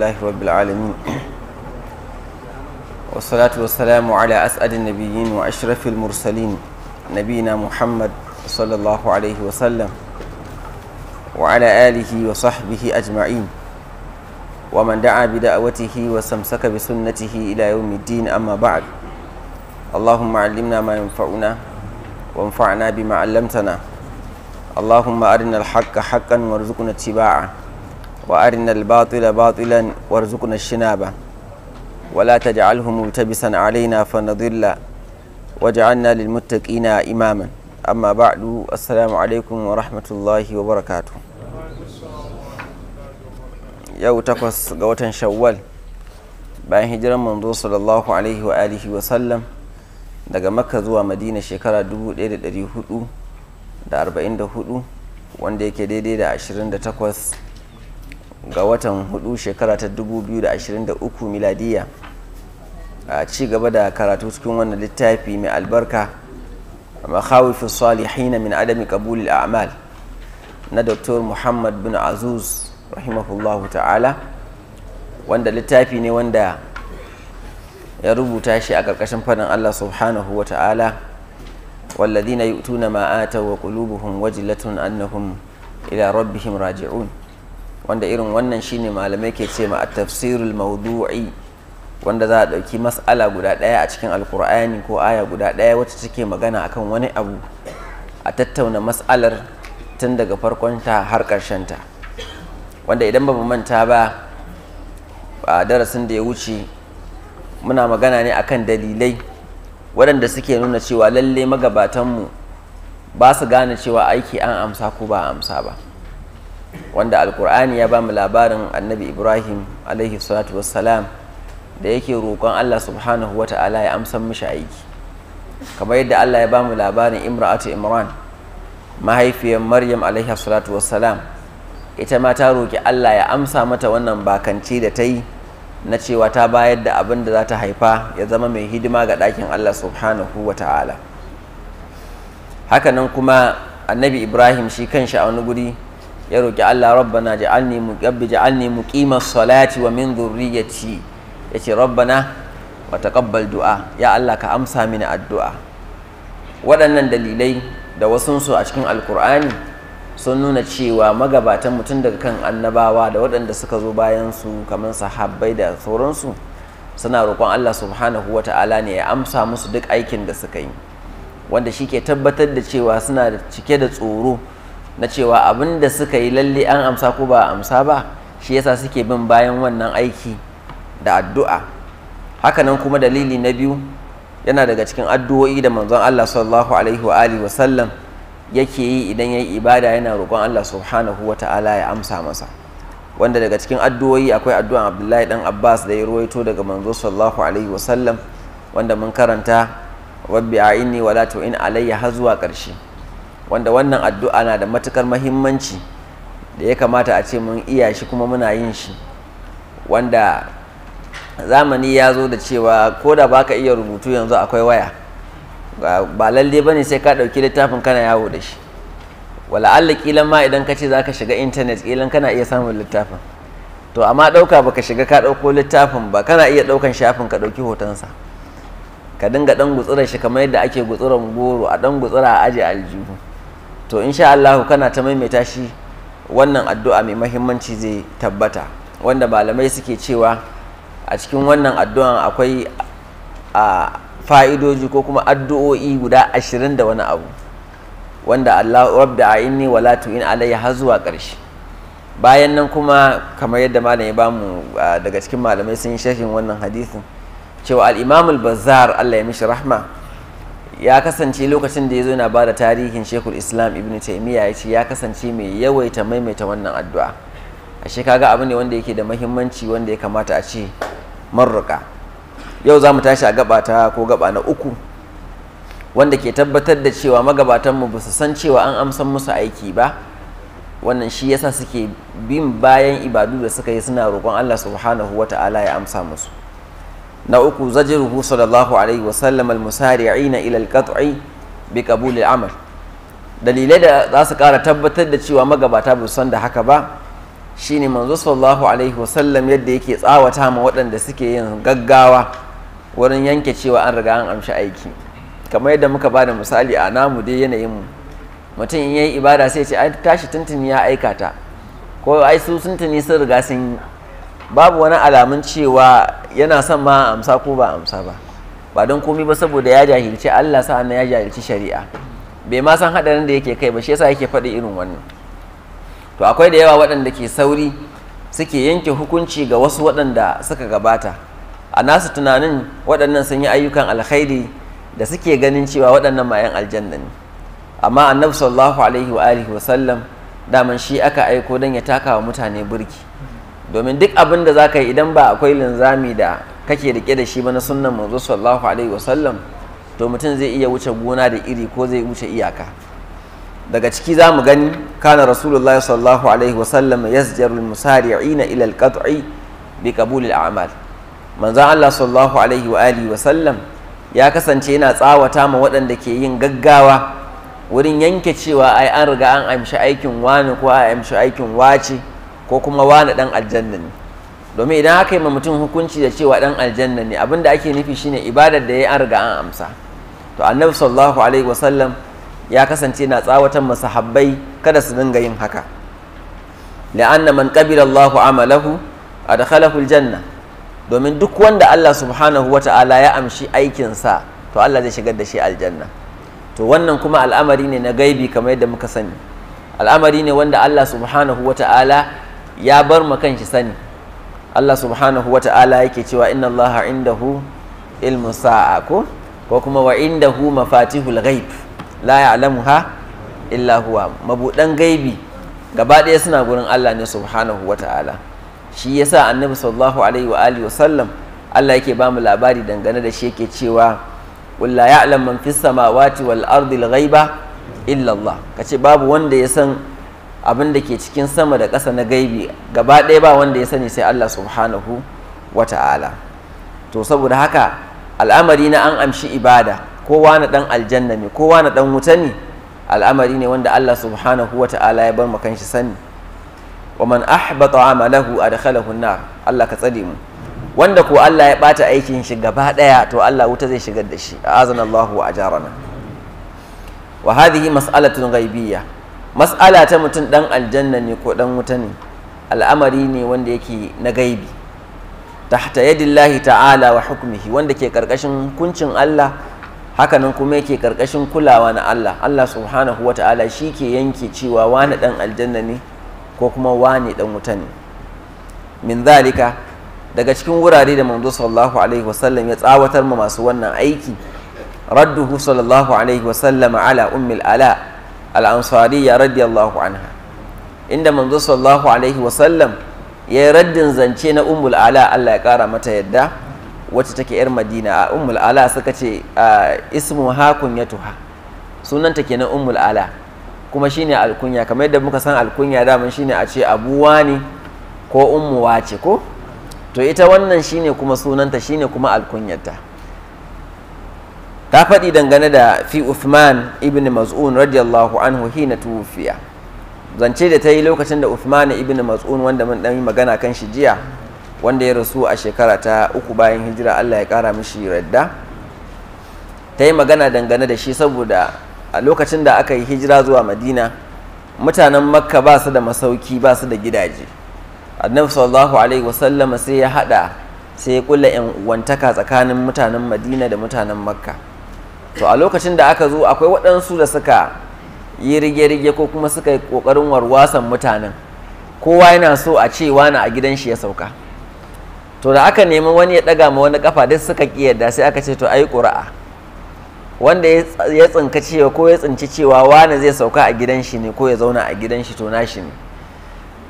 lahi rabbil alamin wa salatu wa salamu ala as'adin nabiyyin wa ashrafil mursalin nabina muhammad sallallahu wa sallam wa ala alihi wa sahbihi ajma'in wa man da'a bi da'awatihi wa samsaka bi sunnatihi ila yawmiddin amma ba'd اللهم علمنا ما ينفعنا وانفعنا بما علمتنا اللهم أرنا الحق حقا وارزقنا اتباعه وأرنا الباطل باطلا وارزقنا الشنابة ولا تجعله ملتبسا علينا فنضل واجعلنا للمتقين إماما أما بعد السلام عليكم ورحمة الله وبركاته yau takwas ga watan shawwal bayan hijiran manzo sallallahu alaihi wa alihi wa sallam daga makka zuwa madina shekara 1444 wanda yake daidai da 28 ga watan hudu shekara ta 2023 miladiya a ci gaba da karatu cikin wannan littafi mai albarka makhawifu salihina min adami kabulil a'mal na dr muhammad bin azuz rahimahullahu ta'ala wanda littafi ne wanda ya rubuta shi a ƙarƙashin fadin allah subhanahu wa ta'ala والذين na ma'ata wa وقلوبهم wajilatun annahun ila rabbihim ra'ji'un. wanda irin wannan shine malamai ke ce ma a tafsirul maudu'i wanda za a ɗauki mas'ala guda ɗaya a cikin alkur'ani ko aya guda ɗaya wacce take magana akan wani abu a tattauna mas'alar tun daga ta har ta wanda idan ba mu manta ba a darasin da ya wuce muna magana ne akan dalilai waɗanda suke nuna cewa lalle magabatanmu ba su gane cewa aiki an amsa ko ba amsa ba wanda alkur'ani ya ba mu labarin annabi ibrahim alaihi salatu wassalam da yake roƙon allah subhanahu wa ta'ala ya amsa mishi aiki kamar yadda allah ya ba mu labarin imra'atu imran mahaifiyar maryam alaihi salatu wassalam ita ma ta roƙi allah ya amsa mata wannan bakanci da ta yi na cewa ta bayar da abin da za ta haifa ya zama mai hidima ga ɗakin allah subhanahu wa ta'ala hakanan kuma annabi ibrahim shi kanshi a wani guri ya roki Allah rabbana ja'alni muqabbi ja'alni muqimas salati wa min dhurriyyati yace rabbana wa taqabbal du'a ya Allah ka amsa mini addu'a waɗannan dalilai da su a cikin alkur'ani sun nuna cewa magabatan mutum daga kan annabawa da waɗanda suka zo bayan su kamar sahabbai da sauransu suna roƙon Allah subhanahu wa ta'ala ne ya amsa musu duk aikin da suka yi wanda shi ke tabbatar da cewa suna cike da tsoro na cewa abin da suka yi lalle an amsa ko ba amsa ba shi yasa suke bin bayan wannan aiki da addu'a hakanan kuma dalili na biyu yana daga cikin addu'o'i da manzon Allah sallallahu alaihi wa alihi wasallam yake yi idan yayi ibada yana roƙon Allah subhanahu wa ta'ala ya amsa masa wanda daga cikin addu'o'i akwai addu'an Abdullahi dan Abbas da ya ruwaito daga manzo sallallahu alaihi wasallam wanda mun karanta rabbi a'inni wala tu'in alayya har zuwa ƙarshe wanda wannan addu'a na da matukar mahimmanci da ya kamata a ce mun iya shi kuma muna yin shi wanda zamani ya zo da cewa ko da baka iya rubutu yanzu akwai waya ba lalle ba ne sai ka ɗauki littafin kana yawo da shi wala'alla kilan ma idan ka ce za ka shiga intanet kilan kana iya samun littafin to amma ɗauka ba ka shiga ka ɗauko littafin ba kana iya ɗaukan shafin ka ɗauki hotonsa ka dinga ɗan gutsura shi kamar yadda ake gutsuran goro a ɗan gutsura a aje aljihu to insha Allah kana ta maimaita shi wannan addu'a mai mahimmanci zai tabbata wanda malamai suke cewa a cikin wannan addu'an akwai a fa'idoji ko kuma addu'o'i guda ashirin da wani abu wanda Allah rabda a inni wala in alayya har zuwa ƙarshe bayan nan kuma kamar yadda malam ya bamu daga cikin malamai sun yi shafin wannan hadisin cewa al-imamul bazzar Allah ya mishi rahma ya kasance lokacin da ya zo yana ba da tarihin shekul islam ibn taimiyya ya ce ya kasance mai yawaita maimaita wannan addu'a a kaga abu ne wanda yake da mahimmanci wanda ya kamata a ce marruka yau za mu tashi a gabata ko gaba na uku wanda ke tabbatar da cewa magabatanmu ba su san cewa an amsan musu aiki ba wannan shi yasa suke bin bayan ibadu da suka yi suna roƙon allah subhanahu wa ta'ala ya amsa musu na uku zajiruhu sallallahu alaihi wa sallam al-musari'ina ila al-qat'i bi qabul al-amal dalilai da za su kara tabbatar da cewa magabata ba san da haka ba shine manzo sallallahu alaihi wa sallam yadda yake tsawata ma waɗanda suke yin gaggawa wurin yanke cewa an riga an amshi aiki kamar yadda muka bada misali a namu dai yanayin mu mutum in yayi ibada sai ce ai tashi tuntuni ya aikata ko ai su tuntuni sun riga sun babu wani alamun cewa yana son ma amsa ko ba amsa ba ba don komi ba saboda ya jahilci Allah na ya jahilci shari'a bai ma san hadarin da yake kai ba shi yasa yake faɗi irin wannan to akwai da yawa waɗanda ke sauri suke yanke hukunci ga wasu waɗanda suka gabata a nasu tunanin waɗannan sun yi ayyukan alkhairi da suke ganin cewa waɗannan mayan aljanna ne amma annabi sallallahu alaihi wa alihi wa sallam daman shi aka aiko don ya taka wa mutane burki domin duk abin da za ka yi idan ba akwai linzami da kake rike da shi ba na sunnan manzo sallallahu alaihi wasallam to mutum zai iya wuce gona da iri ko zai wuce iyaka daga ciki za mu gani kana rasulullah sallallahu alaihi wasallam yasjaru musari'ina ila alqat'i bi qabul al'amal manzo Allah sallallahu alaihi wa alihi wasallam ya kasance yana tsawata ma waɗanda ke yin gaggawa wurin yanke cewa ai an riga an amshi aikin wani ko an amshi aikin wace ko kuma wane dan aljanna ne domin idan aka yi ma mutum hukunci da cewa dan aljanna ne abinda ake nufi shine ibadar da ya an riga an amsa to annabi sallallahu alaihi wasallam ya kasance na tsawatan masahabbai kada su dinga yin haka la'anna man qabila Allahu amalahu adkhalahu aljanna domin duk wanda Allah subhanahu wata'ala ya amshi aikin sa. to Allah zai shigar da shi aljanna to wannan kuma al'amari ne na gaibi kamar yadda muka sani al'amari ne wanda Allah subhanahu wata'ala ya bar ma kanshi sani Allah subhanahu wata'ala yake cewa inna Allah indahu ilmu sa'a ko ko kuma wa indahu mafatihul ghaib la ya'lamuha illa huwa mabudan gaibi gaba ɗaya suna gurin Allah ne subhanahu wata'ala shi yasa annabi sallallahu alaihi wa alihi wasallam Allah yake ba mu labari dangane da shi yake cewa qul la ya'lamu man fis samawati wal ardi al ghaiba illa Allah kace babu wanda ya san abin da ke cikin sama da ƙasa na gaibi gaba ɗaya ba wanda ya sani sai Allah subhanahu wa ta'ala to saboda haka al'amari na an amshi ibada kowa na ɗan aljanna ne kowa na ɗan wuta ne al'amari ne wanda Allah subhanahu wa ta'ala ya bar mu kanshi sani wa man ahbata amalahu adkhalahu nar Allah ka tsare mu wanda ko Allah ya bata aikin shi gaba ɗaya to Allah wuta zai shigar da shi azanallahu wa ajarana wa hadhihi mas'alatun ghaibiyya mas'ala ta mutum ɗan aljanna ne ko ɗan wuta ne al'amari ne wanda yake na gaibi tahta yadillahi ta'ala wa hukmihi wanda ke karkashin hukuncin Allah hakanan kuma yake karkashin kulawa na Allah Allah subhanahu wa ta'ala shi ke yanke cewa wani ɗan aljanna ne ko kuma wani ɗan wuta ne min zalika daga cikin wurare da manzo sallallahu alaihi wasallam ya tsawatar ma masu wannan aiki radduhu sallallahu alaihi wasallam ala ummil ala al'ansariya radiyallahu anha inda manzo sallallahu alaihi wasallam ya yi raddin zance na umul ala Allah ya kara mata yadda wacce take yar madina a umul ala suka ce ismu hakun ya tuha sunanta na umul ala kuma shine alkunya kamar yadda muka san alkunya daman shine a ce abuwa ne ko ummuwa ce ko to ita wannan shine kuma sunanta shine kuma alkunyarta ta faɗi dangane da fi Uthman ibn Maz'un radiyallahu anhu hina tufiya zance da ta yi lokacin da Uthman ibn Maz'un wanda mun yi magana kan shi jiya wanda ya rasu a shekara ta uku bayan hijira Allah ya kara mishi radda ta yi magana dangane da shi saboda a lokacin da aka yi hijira zuwa Madina mutanen Makka ba su da masauki ba su da gidaje Annabi sallallahu alaihi sai ya haɗa sai ya kulla yan uwantaka tsakanin mutanen Madina da mutanen Makka to a lokacin da aka zo akwai waɗansu da suka yi rige-rige ko kuma suka yi ƙoƙarin warwasan mutanen kowa yana so a ce wani a gidan shi ya sauka to da aka nemi wani ya ɗaga ma wani kafa duk suka ƙi yadda sai aka ce to ayi ƙura'a wanda ya tsinka cewa ko ya tsinci cewa wani zai sauka a gidan shi ne ko ya zauna a gidan shi to nashi ne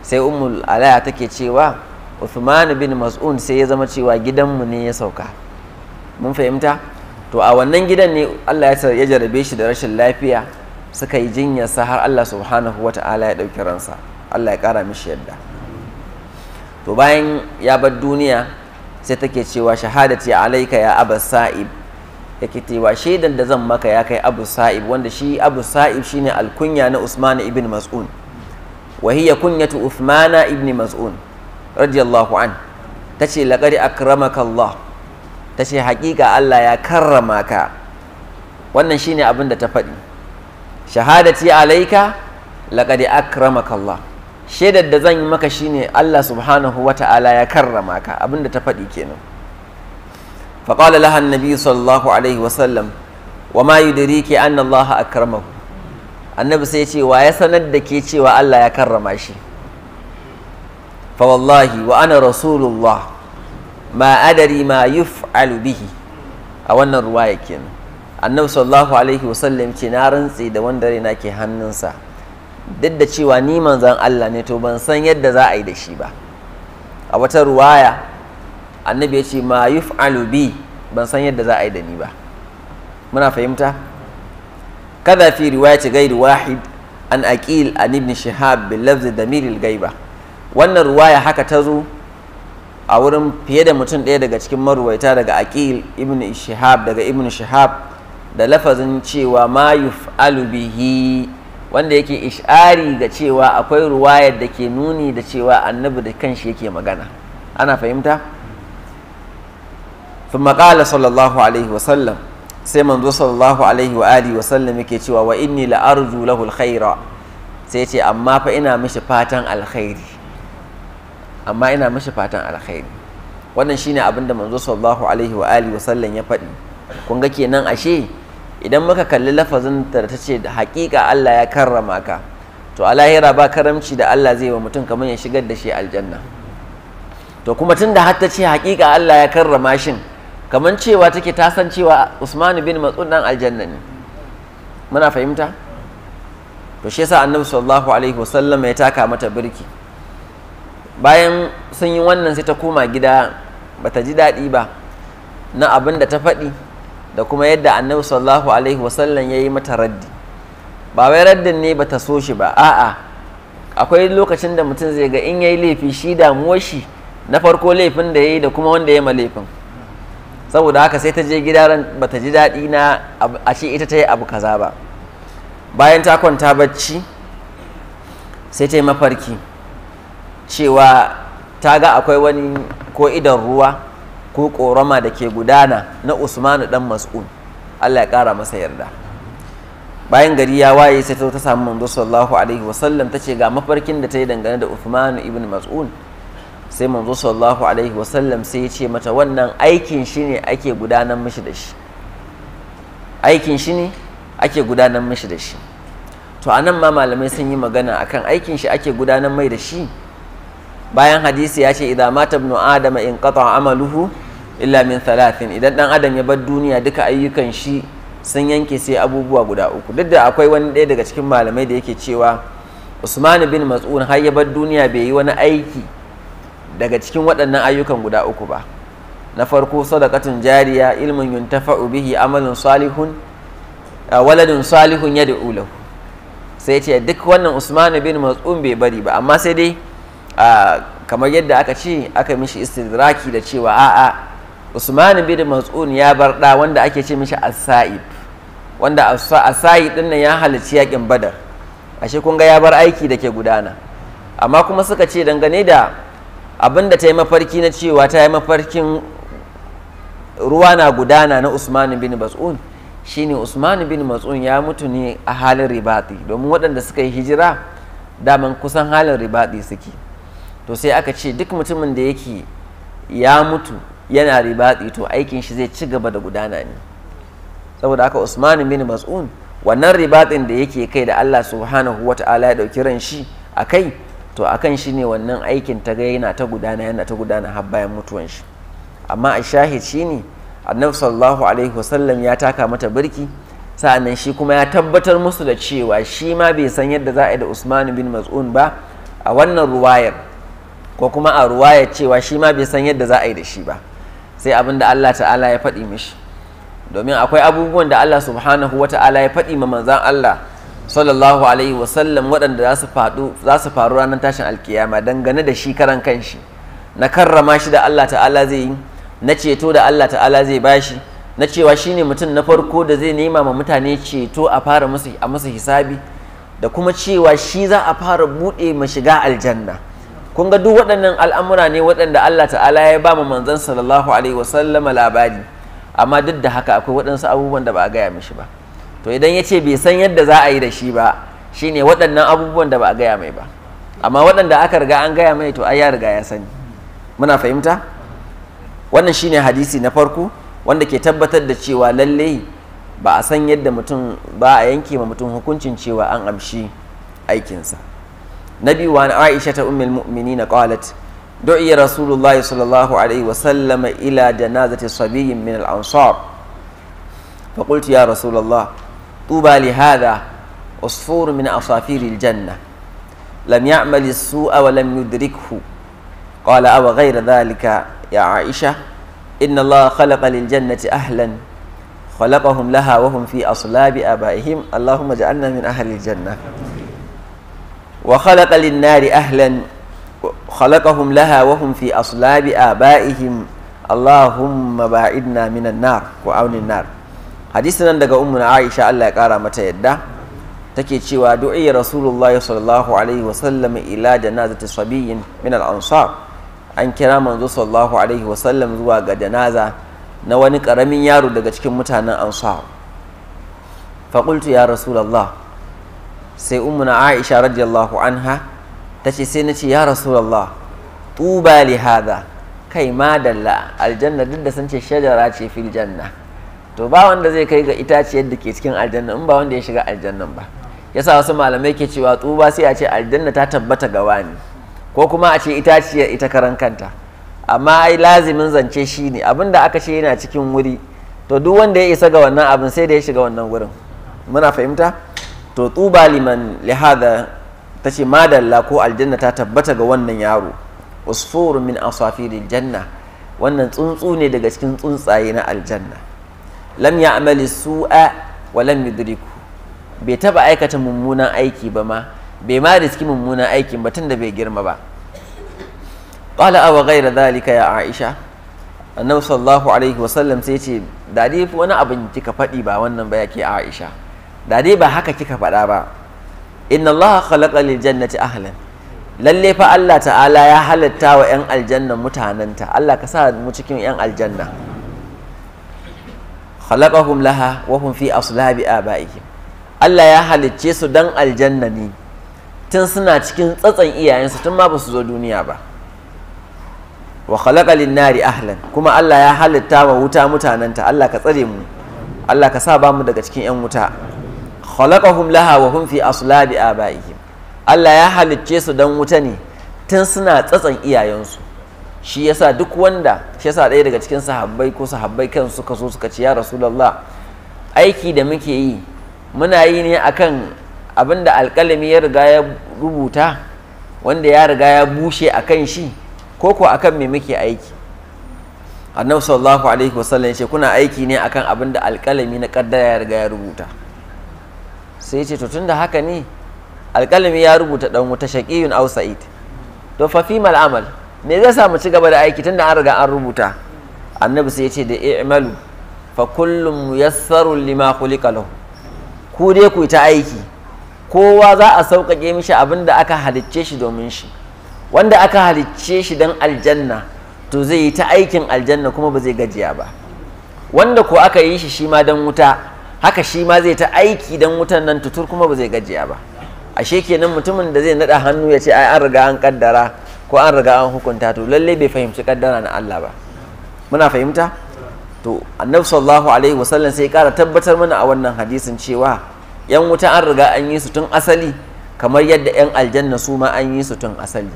sai ummul alaya take cewa Uthman bin Mas'un sai ya zama cewa gidanmu ne ya sauka mun fahimta to a wannan gidan ne Allah ya jarabe shi da rashin lafiya suka yi sa har Allah subhanahu wa ta'ala ya ɗauki ransa Allah ya ƙara mishi yadda to bayan ya bar duniya sai take cewa shahadati alaika ya abu sa'ib yake cewa shaidan da zan maka ya kai abu sa'ib wanda shi abu sa'ib shine alkunya na usman ibn mas'un wa hiya kunyatu uthmana ibn mas'un radiyallahu an tace laqad akramaka Allah ta ce haƙiƙa Allah ya karrama ka wannan shi ne abin da ta faɗi shahadati alaika laƙadi akramaka Allah shaidar da zan yi maka shi ne Allah subhanahu wa ta'ala ya karrama ka abin da ta faɗi kenan faƙala laha annabi sallallahu alaihi wasallam wa ma yudiri ke an Allah akramahu annabi sai ce wa ya sanar da ke cewa Allah ya karrama shi fa wallahi wa ana rasulullah ma adari ma yuf'alu bihi a wannan ke. kenan annabi sallallahu alaihi wasallam ce na rantse da wanda raina ke hannunsa duk da cewa ni manzon Allah ne to ban san yadda za a yi da shi ba a wata ruwaya annabi ya ce ma yuf'alu bi ban san yadda za a yi da ni ba muna fahimta kada fi riwayati gairi wahid an aqil an ibn shihab bil lafz damir al gaiba wannan ruwaya haka ta zo a wurin fiye da mutum ɗaya daga cikin maruwaita daga aqil ibn shihab daga ibn shihab da lafazin cewa ma yuf'alu bihi wanda yake ish'ari ga cewa akwai ruwayar da ke nuni da cewa annabi da kanshi yake magana ana fahimta ثم قال صلى الله عليه sai manzo sallallahu alaihi wa alihi wa sallam yake cewa wa inni la arju lahu alkhaira sai ce amma fa ina mishi fatan alkhairi amma ina mashi fatan alkhairi wannan shine abin da manzo sallallahu alaihi wa alihi wasallam ya faɗi kun ga kenan ashe idan muka kalli lafazin da ta ce haƙiƙa Allah ya karrama ka to a lahira ba karamci da Allah zai wa mutum kamar ya shigar da shi aljanna to kuma tun da hatta ce haƙiƙa Allah ya karrama shin kamar cewa take ta san cewa Usman bin Mas'ud dan aljanna ne muna fahimta to shi yasa Annabi sallallahu alaihi wasallam ya taka mata birki bayan sun yi wannan sai ta koma gida bata ji daɗi ba na abin da ta faɗi da kuma yadda annabi sallallahu alaihi wasallam ya yi mata raddi ba wai raddin ne bata so shi ba a'a akwai lokacin da mutum zai ga in yi laifi shi damuwar shi na farko laifin da ya yi da kuma wanda ya ma laifin saboda haka sai ta je gida bata ji daɗi na a ce ita ta yi abu kaza ba bayan ta kwanta bacci sai ta yi mafarki cewa ta ga akwai wani ko idan ruwa ko ƙorama da ke gudana na usmanu dan mas'ud allah ya kara masa yarda bayan gari ya waye sai ta samu manzo sallallahu alaihi wasallam ta ce ga mafarkin da ta yi dangane da usmanu ibn mas'ud sai manzo sallallahu alaihi wasallam sai ya ce mata wannan aikin shi ne ake gudanar mishi da shi aikin shi ne ake gudanar mishi da shi to anan ma malamai sun yi magana akan aikin shi ake gudanar mai da shi bayan hadisi ya ce idan mata ibnu adama in qata amaluhu illa min thalathin idan dan adam ya bar duniya duka ayyukan shi sun yanke sai abubuwa guda uku duk da akwai wani ɗaya daga cikin malamai da yake cewa usman bin mas'ud har ya bar duniya bai yi wani aiki daga cikin waɗannan ayyukan guda uku ba na farko sadaqatun jariya ilmun yuntafa'u bihi amalun salihun waladun salihun yad'u lahu sai ya ce duk wannan usman bin mas'ud bai bari ba amma sai dai kamar yadda aka ce aka mishi istidraki da cewa a'a Usman bin Mas'un ya bar da wanda ake ce mishi as said wanda as said din nan ya halarci yakin Badar ashe kun ga ya bar aiki da ke gudana amma kuma suka ce dangane da abinda da ta yi mafarki na cewa ta yi mafarkin ruwa na gudana na Usman bin mas'ud shine Usman bin Mas'un ya mutu ne a halin ribati domin waɗanda suka yi hijira daman kusan halin ribati suke to sai aka ce duk mutumin da yake ya mutu yana ribatsi to aikin shi zai ci gaba da gudana ne saboda haka usman bin mas'un wannan ribatsin da yake kai da Allah subhanahu wa ta'ala ya ɗauki ran shi a kai to akan shi ne wannan aikin ta ga yana ta gudana yana ta gudana har bayan mutuwan shi amma a shahid shine annabi sallallahu alaihi wasallam ya taka mata birki sa'annan shi kuma ya tabbatar musu da cewa shi ma bai san yadda za a yi da usman bin mas'un ba a wannan ruwayar ko kuma a ya cewa shi ma bai san yadda za a yi da shi ba sai abin da Allah ta'ala ya faɗi mishi domin akwai abubuwan da Allah subhanahu wa ta'ala ya faɗi ma manzan Allah sallallahu alaihi wa sallam waɗanda za su faru ranar tashin alkiyama dangane da shi karan kanshi na karrama shi da Allah ta'ala zai yi na ceto da Allah ta'ala zai bashi na cewa shine mutum na farko da zai nema ma mutane ceto a fara musu a musu hisabi da kuma cewa shi za a fara buɗe ma shiga aljanna kun ga duk waɗannan al'amura ne waɗanda Allah ta'ala ya ba mu manzan sallallahu alaihi wasallam labari amma duk da haka akwai waɗansu abubuwan da ba a gaya mishi ba to idan ya ce bai san yadda za a yi da shi ba shine waɗannan abubuwan da ba a gaya mai ba amma waɗanda aka riga an gaya mai to ai ya riga ya sani muna fahimta wannan shine hadisi na farko wanda ke tabbatar da cewa lalle ba a san yadda mutum ba a yanke ma mutum hukuncin cewa an amshi aikinsa نبي وعن عائشة أم المؤمنين قالت دعي رسول الله صلى الله عليه وسلم إلى جنازة صبي من الأنصار فقلت يا رسول الله طوبى لهذا عصفور من عصافير الجنة لم يعمل السوء ولم يدركه قال أو غير ذلك يا عائشة إن الله خلق للجنة أهلا خلقهم لها وهم في أصلاب آبائهم اللهم اجعلنا من أهل الجنة وخلق للنار أهلا خلقهم لها وهم في أصلاب آبائهم اللهم باعدنا من النار وعون النار حديثنا daga ummuna Aisha Allah ya kara mata yadda take cewa du'i Rasulullahi sallallahu alaihi wa sallam ila janazati sabiyyin min al-ansar an kira manzo sallallahu alaihi wa sallam zuwa ga danaza na wani karamin yaro daga cikin mutanen ansar fa qultu ya Rasulullah sai umuna aisha radiyallahu anha ta ce sai na ce ya rasulallah tuba li hada kai ma dalla aljanna duk da sun ce shajara ce fil janna to ba wanda zai kai ga itaciyar da ke cikin aljanna in ba wanda ya shiga aljannan ba yasa wasu malamai ke cewa tuba sai a ce aljanna ta tabbata ga wani ko kuma a ce itaciyar ita karan kanta amma ai lazimin zance shi ne abinda aka ce yana cikin wuri to duk wanda ya isa ga wannan abin sai da ya shiga wannan wurin muna fahimta to tuba liman lihada ta ce madalla ko aljanna ta tabbata ga wannan yaro usfur min asafiril janna wannan tsuntsu ne daga cikin tsuntsaye na aljanna lam ya amali su'a wa lam yudriku bai taba aikata mummunan aiki ba ma bai ma riski mummunan aiki ba tunda bai girma ba qala aw ghayra dhalika ya aisha annabi sallallahu alaihi wasallam sai ce da wani abin kika faɗi ba wannan ba yake aisha da dai ba haka kika faɗa ba inna allaha khalaqa lil jannati ahlan lalle fa Allah ta'ala ya halatta wa 'yan aljanna mutanenta Allah ka sa mu cikin 'yan aljanna khalaqahum laha wa hum fi aslabi abaihim Allah ya halicce su dan aljanna ne tun suna cikin tsatsan iyayensu tun ma ba su zo duniya ba wa khalaqa lin nari ahlan kuma Allah ya halitta wa wuta mutanenta Allah ka tsare mu Allah ka sa ba mu daga cikin 'yan wuta khalaqahum laha wa hum fi asladi abaihim Allah ya halicce su dan wuta ne tun suna tsatsan iyayensu shi yasa duk wanda shi yasa ɗaya daga cikin sahabbai ko sahabbai kan suka so suka ce ya rasulullah aiki da muke yi muna yi ne akan abin da alƙalami ya riga ya rubuta wanda ya riga ya bushe akan shi ko ko akan me muke aiki annabi sallallahu alaihi wasallam ya ce kuna aiki ne akan abin da alƙalami na kaddara ya riga ya rubuta sai ce to tunda haka ne alƙalmi ya rubuta dan wuta shaqiyun aw sa'id to fa fi mal amal me zai sa mu ci gaba da aiki tunda an riga an rubuta annabi sai ya ce da i'malu fa kullum muyassaru lima khuliqa lahu ku dai ku ta aiki kowa za a sauƙaƙe mishi abin da aka halicce shi domin shi wanda aka halicce shi don aljanna to zai yi ta aikin aljanna kuma ba zai gajiya ba wanda ko aka yi shi shi ma don wuta haka shi ma zai ta aiki dan wutan nan tutur kuma ba zai gajiya ba ashe kenan mutumin da zai naɗa hannu ya ce ai an riga an kaddara ko an riga an hukunta to lallai bai fahimci kaddara na Allah ba muna fahimta to annabi sallallahu alaihi wasallam sai kara tabbatar mana a wannan hadisin cewa yan wuta an riga an yi su tun asali kamar yadda yan aljanna su ma an yi su tun asali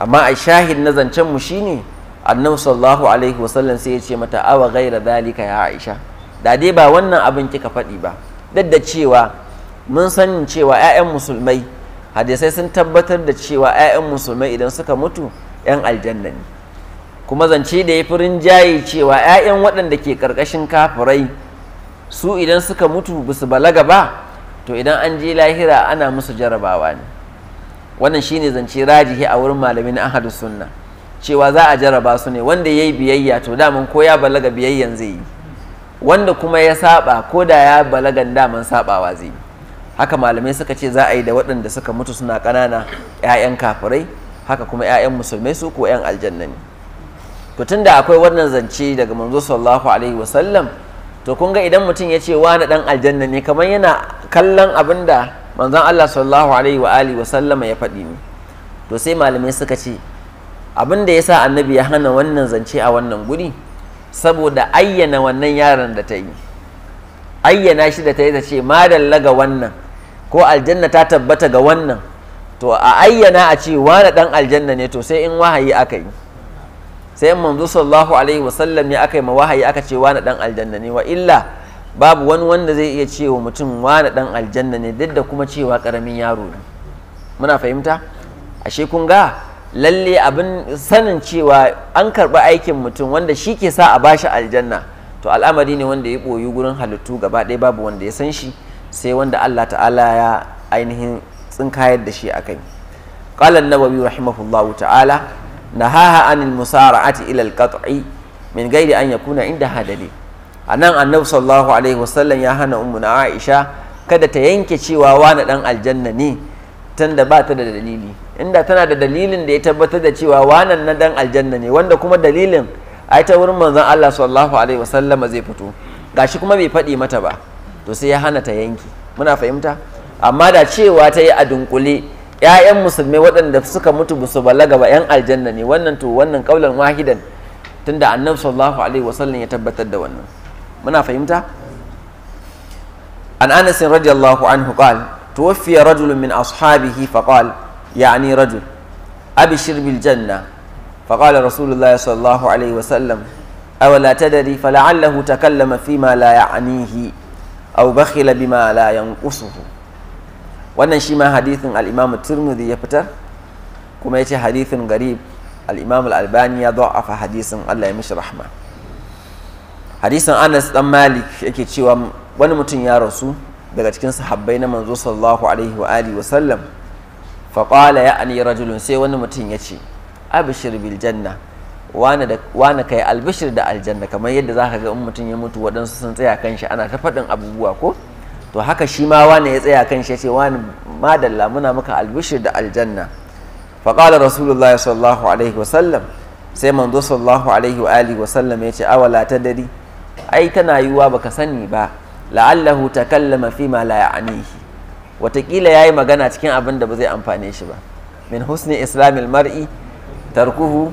amma a shahid na zancen mu shine annabi sallallahu alaihi wasallam sai ya ce mata awa ghaira dalika ya aisha da dai ba wannan abin kika faɗi ba duk da cewa mun sanin cewa 'ya'yan musulmai hadisai sun tabbatar da cewa 'ya'yan musulmai idan suka mutu 'yan aljanna ne kuma zance da ya fi rinjaye cewa 'ya'yan waɗanda ke karkashin kafirai su idan suka mutu ba su balaga ba to idan an je lahira ana musu jarabawa ne wannan shine zance rajihi a wurin malamin ahadu sunna cewa za a jaraba su ne wanda ya yi biyayya to daman ko ya balaga biyayyan zai yi wanda kuma ya saba ko da ya balagan daman sabawa zai haka malamai suka ce za a yi da waɗanda suka mutu suna ƙanana 'ya'yan kafirai haka kuma 'ya'yan musulmai su ko 'yan aljanna ne to tunda akwai wannan zance daga manzo sallallahu alaihi wasallam to kun ga idan mutum ya ce wani dan aljanna ne kamar yana kallon abin da manzon Allah sallallahu alaihi wa alihi wasallama ya faɗi ne to sai malamai suka ce abin da yasa annabi ya hana wannan zance a wannan guri saboda ayyana wannan yaron da ta yi ayyana shi da ta yi ta ce madalla ga wannan ko aljanna ta tabbata ga wannan to a ayyana a ce wani dan aljanna ne to sai in wahayi aka yi sai in manzo sallallahu alaihi wasallam ne aka yi ma wahayi aka ce wani dan aljanna ne wa illa babu wani wanda zai iya cewa mutum wani dan aljanna ne duk da kuma cewa karamin yaro ne muna fahimta ashe kun ga lalle abin sanin cewa an karɓi aikin mutum wanda shi ke sa a bashi aljanna to al'amari ne wanda ya ɓoyi gurin halittu gaba ɗaya babu wanda ya san shi sai wanda Allah ta'ala ya ainihin tsinkayar da shi akai qala an-nawawi rahimahullahu ta'ala nahaha anil musara'ati ila ilal min gaidi an ya kuna inda hadali anan annabi sallallahu alaihi wasallam ya hana ummu na Aisha kada ta yanke cewa wani ɗan aljanna ne tunda ba ta da dalili inda tana da dalilin da ya tabbatar da cewa wanan na dan aljanna ne wanda kuma dalilin ai ta wurin manzon Allah sallallahu alaihi wasallam zai fito gashi kuma bai faɗi mata ba to sai ya hana ta yanki muna fahimta amma da cewa ta yi a dunkule ƴaƴan musulmai waɗanda suka mutu ba su balaga ba ƴan aljanna ne wannan to wannan kaulan wahidan tunda annabi sallallahu alaihi wasallam ya tabbatar da wannan muna fahimta an anas radiyallahu anhu qala توفي رجل من أصحابه فقال يعني رجل أبشر بالجنة فقال رسول الله صلى الله عليه وسلم أولا تدري فلعله تكلم فيما لا يعنيه أو بخل بما لا ينقصه wannan shi ma hadithin al'imam turmudi ya fitar kuma ya ce hadithin garib al'imam al'albani ya zo a fa hadithin Allah ya mishi rahma hadithin anas dan malik yake cewa wani mutum ya rasu daga cikin sahabbai na manzo sallallahu alaihi wa alihi wasallam faƙala ya ani rajulun sai wani mutum ya ce abishir bil janna wani kai albishir da aljanna kamar yadda za ka ga in mutum ya mutu waɗansu sun tsaya kan shi ana ta faɗin abubuwa ko to haka shi ma wani ya tsaya kan shi ya ce wani madalla muna maka albishir da aljanna qala rasulullah sallallahu alaihi sallam sai manzo sallallahu alaihi wa alihi wasallam ya ce awala ta dari ai tana yiwuwa baka sani ba la'allahu takallama fi ma la ya'nihi watakila yayi magana cikin abin da ba zai amfane shi ba min husni islamil mar'i tarkuhu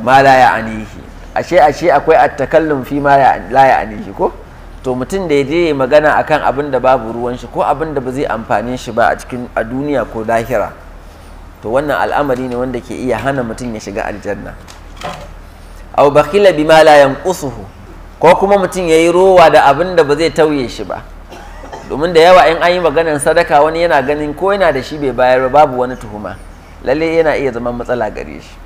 ma la ya'nihi ashe ashe akwai at-takallum fi ma la ya'nihi ko to mutum da ya je magana akan abin da babu ruwan shi ko abin da ba zai amfane shi ba a cikin a duniya ko lahira to wannan al'amari ne wanda ke iya hana mutum ya shiga aljanna aw bakhila bima la yanqusuhu ko kuma mutum ya yi rowa da abin da ba zai tauye shi ba domin da yawa in an yi maganar sadaka wani yana ganin ko yana da shi bai bayar ba babu wani tuhuma lalle yana iya zama matsala gare shi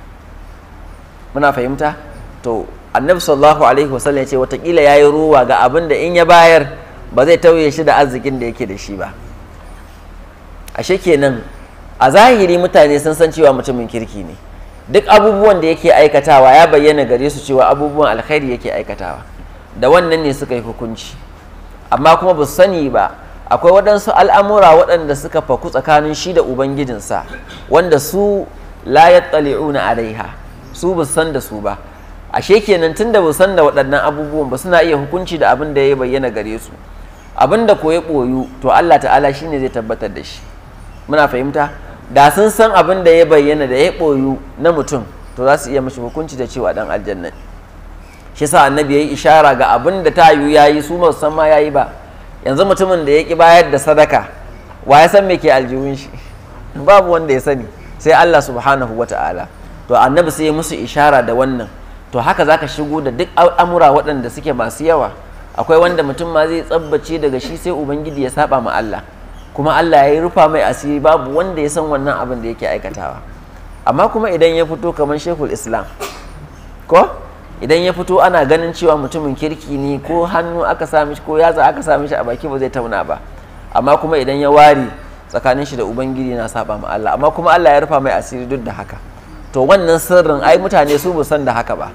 muna fahimta to annabi sallallahu alaihi wasallam ya ce watakila ya yi rowa ga abin da in ya bayar ba zai tauye shi da arzikin da yake da shi ba ashe kenan a zahiri mutane sun san cewa mutumin kirki ne duk abubuwan da yake aikatawa ya bayyana gare su cewa abubuwan alkhairi yake aikatawa da wannan ne suka yi hukunci amma kuma ba sani ba akwai waɗansu al'amura waɗanda suka faku tsakanin shi da ubangijinsa wanda su la na alaiha su ba san da su ba ashe kenan da ba san da waɗannan abubuwan ba suna iya hukunci da abin da ya bayyana gare su abin da koya ɓoyu to Allah ta'ala shi ne zai tabbatar da shi muna fahimta da sun san abin da ya bayyana da ya ɓoyu na mutum to za su iya mashi hukunci da cewa dan aljanna shi sa annabi ya yi ishara ga abin da ta yi ya yi su masu san ma ya yi ba yanzu mutumin da ya ki bayar da sadaka wa ya san me ke aljihun shi babu wanda ya sani sai Allah subhanahu wa ta'ala to annabi sai ya musu ishara da wannan to haka zaka shigo da duk al'amura waɗanda suke masu yawa akwai wanda mutum ma zai tsabbace daga shi sai ubangiji ya saba ma Allah kuma Allah ya yi rufa mai asiri babu wanda ya san wannan abin da yake aikatawa amma kuma idan ya fito kamar shekul islam ko idan ya fito ana ganin cewa mutumin kirki ne ko hannu aka sami shi ko yatsa aka sami shi a baki ba zai tauna ba amma kuma idan ya ware tsakanin shi da ubangiji na saba ma Allah amma kuma Allah ya rufa mai asiri duk da haka to wannan sirrin ai mutane su ba san da haka ba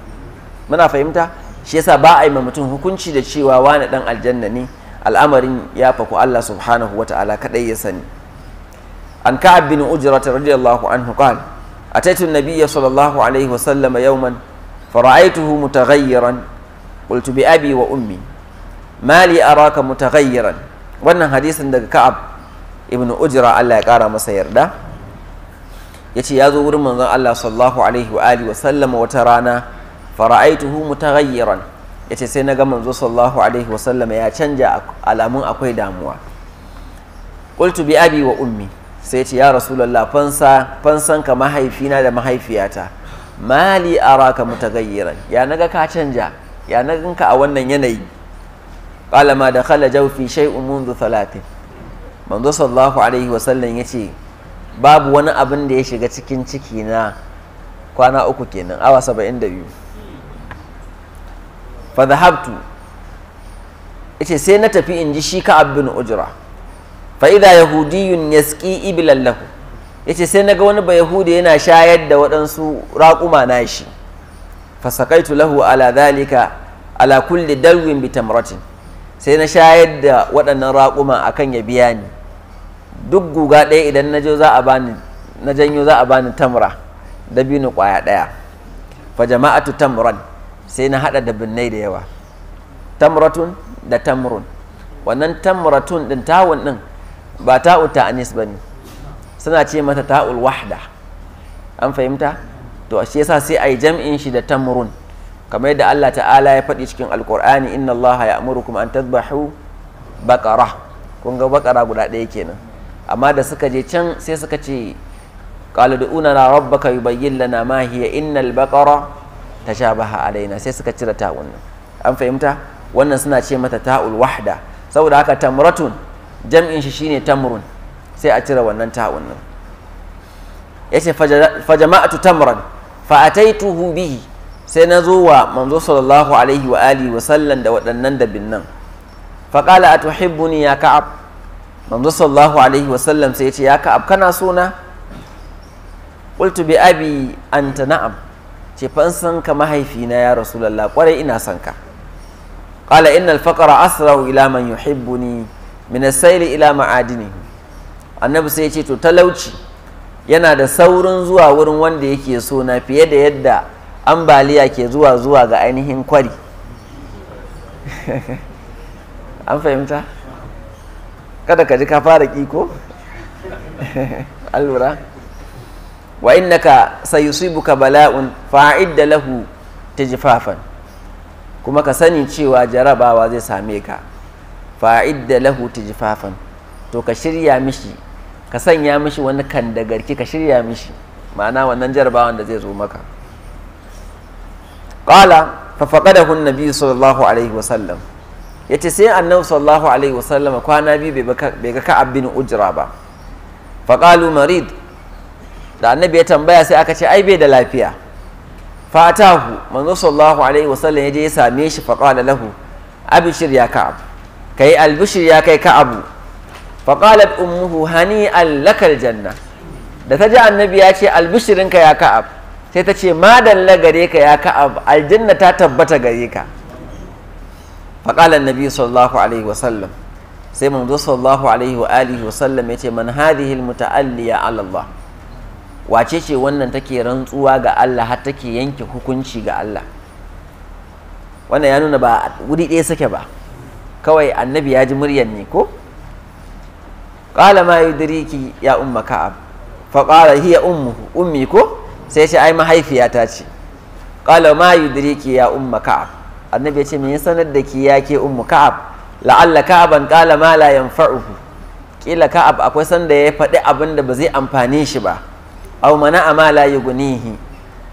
muna fahimta shi yasa ba a yi ma mutum hukunci da cewa wani dan aljanna ne al'amarin ya faku Allah subhanahu wata'ala kadai ya sani an ka'ab bin ujrata radiyallahu anhu qala ataitu an-nabiyya sallallahu alaihi wa sallama yawman فرأيته متغيرا قلت بأبي وأمي ما لي أراك متغيرا wannan hadisin daga Ka'ab ibn Ujra Allah ya kara masa yarda yace ya zo wurin manzon Allah sallallahu wa sallama wata rana fara'aituhu yace sai naga manzo sallallahu alaihi wa ya canja alamun akwai damuwa qultu bi abi wa ummi sai yace ya rasulullah fansa fansanka mahaifina da mahaifiyata mali araka mutaghayyiran ya naga ka canja ya naga ka a wannan yanayi qala ma dakhala jawfi shay'un منذ 30 manzo sallallahu alaihi wasallam yace babu wani abin da ya shiga cikin ciki na kwana uku kenan awa 72 fa dhahabtu yace sai na tafi in ji shi ka abin ujra fa'ida idha yahudiyyun yasqi iblan lahu yace sai naga wani bayahudi yana shayar da waɗansu raƙuma nashi fasakaitu lahu ala dhalika ala kulli dalwin tamratin sai na shayar da waɗannan raƙuma akan ya biya ni duk guga ɗaya idan na za a bani na janyo za a bani tamra da binu ƙwaya ɗaya fa jama'atu tamran sai na haɗa da binnai da yawa tamratun da tamrun wannan tamratun ɗin tawun ɗin ba ta'u ta anis ba ne suna ce mata ta'ul wahda an fahimta to shi yasa sai a jam'in shi da tamrun kamar yadda Allah ta'ala ya faɗi cikin alkur'ani inna Allah ya'murukum an tadbahu baqara kun ga baqara guda ɗaya kenan amma da suka je can sai suka ce qala du'una na rabbaka yubayyin lana ma hiya innal baqara tashabaha alaina sai suka cire ta'un an fahimta wannan suna ce mata ta'ul wahda saboda haka tamratun jam'in shi shine tamrun sai a cire wannan ta'un nan yace fajama'atu tamran fa ataituhu bihi sai na zo wa manzo sallallahu alaihi wa alihi wa sallam da waɗannan dabin nan fa qala atuhibbuni ya ka'ab manzo sallallahu alaihi wa sallam sai yace ya ka'ab kana so na qultu bi abi anta na'am ce fa san ka mahaifina ya rasulullah kwarai ina san ka qala innal faqra asra ila man yuhibbuni min as sayli ila ma'adinihi annabi sai ya ce to talauci yana da saurin zuwa wurin wanda yake so na fiye da yadda ambaliya ke zuwa zuwa ga ainihin kwari an fahimta kada ka ji ka fara kiko allura wa innaka sayusibuka bala'un fa'idda lahu tijfafan kuma ka sani cewa jarabawa zai same ka fa'idda lahu tijfafan to ka shirya mishi ka sanya mishi wani kandagarki ka shirya mishi ma'ana wannan jarabawan da zai zo maka qala fa faqadahu an-nabi sallallahu alaihi wasallam ce sai annabi sallallahu alaihi wasallam kwana biyu bai ga ka'ab bin ujra ba faƙalu marid da annabi ya tambaya sai aka ce ai bai da lafiya fatahu manzo sallallahu alaihi wasallam ya je ya same shi faƙala lahu abishir ya ka'ab yi albishir ya kai ka'abu faƙalat umuhu hani allakar janna da ta ji annabi ya ce albishirinka ya ka'ab sai ta ce madan lagare ka ya ka'ab aljanna ta tabbata gare ka faƙalan nabi sallallahu alaihi wasallam sai manzo sallallahu alaihi wa alihi wasallam ya ce man hadhihi almuta'alliya ala Allah wace ce wannan take rantsuwa ga Allah har take yanke hukunci ga Allah wannan ya nuna ba wuri ɗaya sake ba kawai annabi ya ji muryar ne ko qala ma yudriki ya umma ka'ab fa qala hiya ummuhu ummi ko sai ce ai mahaifiyata ce qala ma yudriki ya umma ka'ab annabi ya ce me ya sanar da ki ya ke umma ka'ab la'alla ka'aban qala ma la yanfa'uhu Ƙila ka'ab akwai sanda ya faɗi abin da ba zai amfane shi ba aw mana ma la yugunihi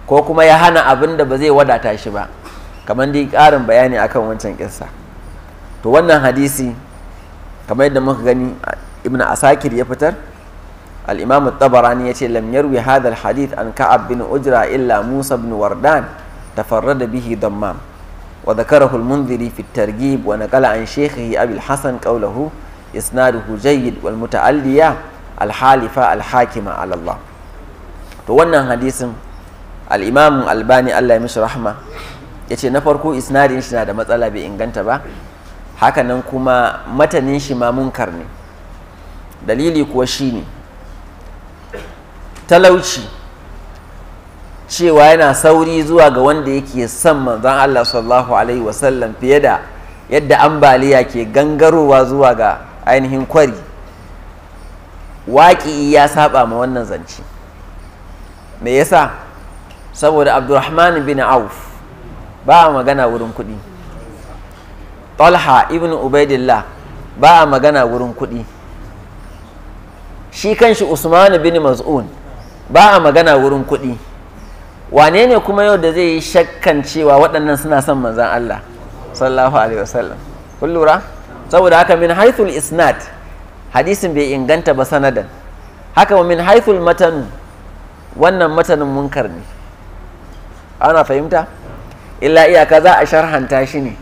ko kuma ya hana abin da ba zai wadata shi ba kamar dai ƙarin bayani akan wancan kissa to wannan hadisi kamar yadda muka gani ibn asakir ya fitar al-imam tabarani ya ce lam yarwi hadha hadith an ka'ab bin ujra illa musa bin wardan tafarrada bihi dammam wa dhakarahu al-munziri fi at-targhib wa naqala an shaykhihi abi al-hasan qawluhu isnaduhu jayyid wal muta'alliya al-halifa al-hakima ala Allah to wannan hadisin al-imam albani Allah ya mishi rahma yace na farko isnadin shi na da matsala bai inganta ba hakanan kuma matanin shi ma munkar ne dalili kuwa shi ne talauci cewa yana sauri zuwa ga wanda yake son manzon Allah sallallahu alaihi wasallam fiye da yadda ambaliya ke gangarowa zuwa ga ainihin kwari waƙi ya saba ma wannan zance me yasa saboda abdurrahman bin auf ba a magana wurin kuɗi talha ibn ubaidillah ba a magana wurin kuɗi shi kan shi usman bin mas'un ba a magana wurin kuɗi wane ne kuma yau da zai yi shakkan cewa waɗannan suna son manzan Allah sallallahu alaihi wasallam kun lura saboda haka min haithul isnad hadisin bai inganta ba sanadan haka min haithul matan wannan matanin munkar ne ana fahimta illa iyaka za a sharhanta shi ne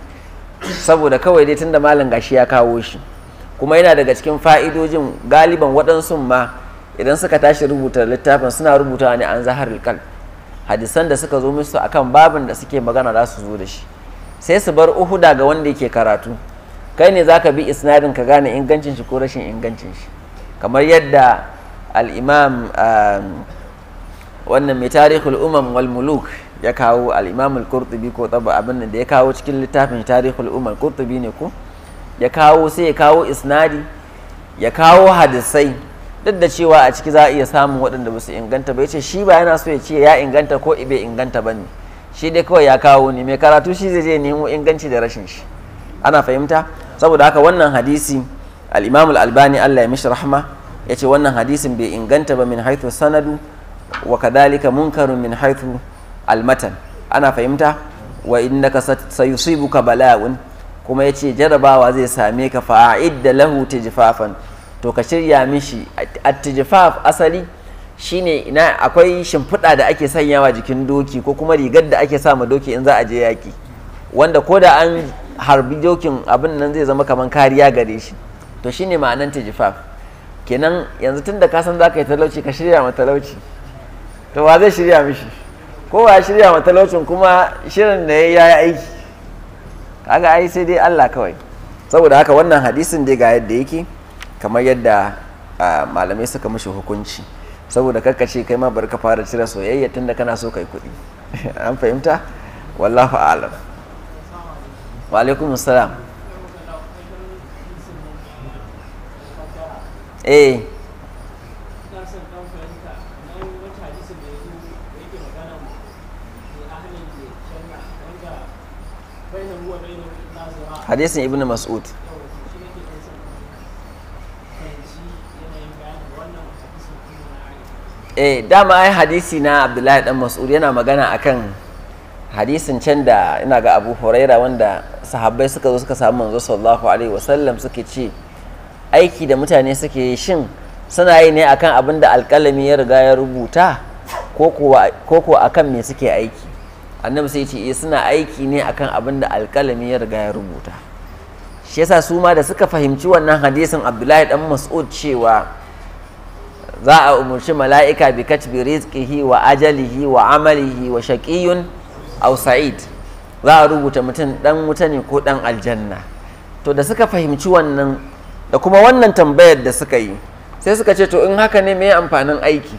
saboda kawai dai tunda malam gashi ya kawo shi kuma yana daga cikin fa'idojin galiban waɗansu ma idan suka tashi rubuta littafin suna rubuta ne an zahar kal hadisan da suka zo musu akan babin da suke magana za su zo da shi sai su bar uhuda ga wanda yake karatu kai ne zaka bi isnadin ka gane ingancin shi ko rashin ingancin shi kamar yadda al um, wannan mai tarihul umam wal muluk ya kawo al-imam ko taba abin da ya kawo cikin littafin tarihul umam qurtubi ne ko ya kawo sai ya kawo isnadi ya kawo hadisai duk da cewa a ciki za a iya samun waɗanda ba su inganta ba ya ce shi ba yana so ya ce ya inganta ko bai inganta ba ne shi dai kawai ya kawo ne mai karatu shi zai je nemo inganci da rashin shi ana fahimta saboda haka wannan hadisi al imamul albani Allah ya mishi rahma ce wannan hadisin bai inganta ba min haithu sanadu wa kadhalika munkarun min haithu almatan ana fahimta wa innaka sayusibuka bala'un kuma ya ce jarabawa zai same ka fa'a'id da lahu jifafan to ka shirya mishi at jifaf asali shine ne akwai shimfiɗa da ake sanyawa jikin doki ko kuma rigar da ake sa ma doki in za a je yaki wanda ko da an harbi dokin abin nan zai zama kamar kariya gare shi to shine ma'anan jifaf kenan yanzu tunda ka san ka yi talauci ka shirya ma talauci to wa zai shirya mishi ko ba shirya ma talaucin kuma shirin da ya yi aiki kaga ai sai dai Allah kawai saboda haka wannan hadisin dai ga yadda yake kamar yadda malamai suka mashi hukunci saboda ce kai ma barka fara cire soyayya tunda kana so kai kuɗi an fahimta wallahu alam wa alaikum assalam eh hadisin ibn mas'ud eh dama ai hadisi na abdullahi dan mas'ud yana magana akan hadisin can da ina ga abu huraira wanda sahabbai suka zo suka samu manzo sallallahu alaihi wasallam suke ce aiki da mutane suke yi shin suna yi ne akan abin da alƙalami ya riga ya rubuta ko kuwa akan me suke aiki annabi sai ce eh suna aiki ne akan abin da alkalami ya riga ya rubuta shi yasa su ma da suka fahimci wannan hadisin abdullahi dan mas'ud cewa za a umarci mala'ika bi kachbi rizqihi wa ajalihi wa amalihi wa shaqiyun aw sa'id za a rubuta mutum dan wuta ne ko dan aljanna to da suka fahimci wannan da kuma wannan tambayar da suka yi sai suka ce to in haka ne me amfanin aiki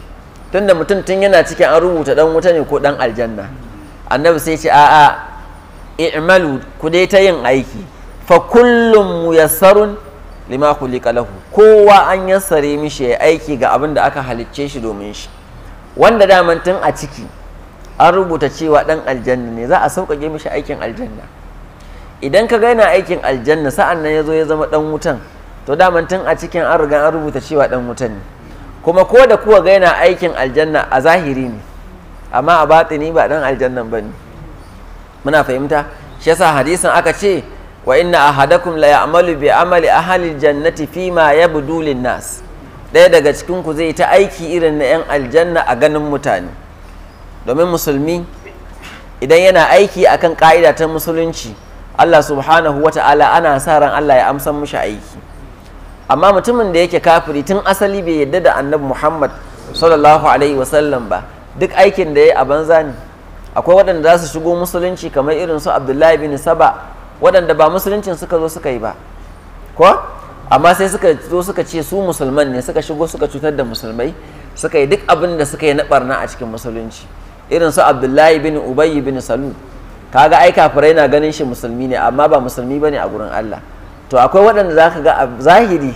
tunda mutum tun yana cikin an rubuta dan wuta ne ko dan aljanna annabi sai ce a'a i'malu ku dai ta yin aiki fa kullum muyassarun lima khuliqa lahu kowa an yassare mishi ya aiki ga abin da aka halicce shi domin shi wanda daman tun a ciki an rubuta cewa dan aljanna ne za a sauƙaƙe mishi aikin aljanna idan ka gaina aikin aljanna sa'an nan ya zo ya zama dan wutan to daman tun a cikin an riga an rubuta cewa dan wutan ne kuma ko da kuwa gaina aikin aljanna a zahiri ne amma a batini ba dan aljannan bane muna fahimta shi yasa hadisin aka ce wa inna ahadakum la ya'malu bi amali ahli jannati fima yabdu lin nas ɗaya daga cikin ku zai ta aiki irin na 'yan aljanna a ganin mutane domin musulmi idan yana aiki akan ka'ida ta musulunci Allah subhanahu wa ta'ala ana sa ran Allah ya amsa mushi aiki amma mutumin da yake kafiri tun asali bai yadda da annabi Muhammad sallallahu alaihi wasallam ba duk aikin da ya yi a banza ne akwai waɗanda za su shigo musulunci kamar irin su abdullahi bin saba waɗanda ba musuluncin suka zo suka yi ba ko amma sai suka zo suka ce su musulman ne suka shigo suka cutar da musulmai suka yi duk abin da suka yi na barna a cikin musulunci irin su abdullahi bin ubayi bin salu kaga ai kafirai na ganin shi musulmi ne amma ba musulmi bane a gurin Allah to akwai waɗanda za ka ga a zahiri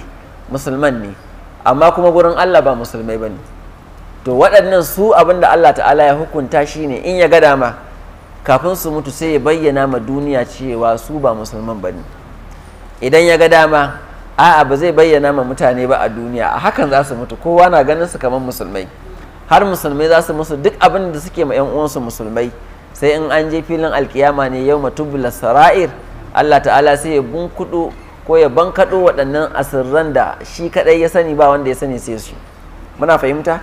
musulman ne amma kuma gurin Allah ba musulmai bane to waɗannan su abin da Allah ta'ala ya hukunta shi ne in ya ga dama kafin su mutu sai ya bayyana ma duniya cewa su ba musulman ba ne idan ya ga dama a'a ba zai bayyana ma mutane ba a duniya a hakan za su mutu kowa na ganin su kamar musulmai har musulmai za su musu duk abin da suke ma yan uwansu musulmai sai in an je filin alkiyama ne yau matubula sara'ir Allah ta'ala sai ya bunkudo ko ya bankaɗo waɗannan asirran da shi kaɗai ya sani ba wanda ya sani sai su muna fahimta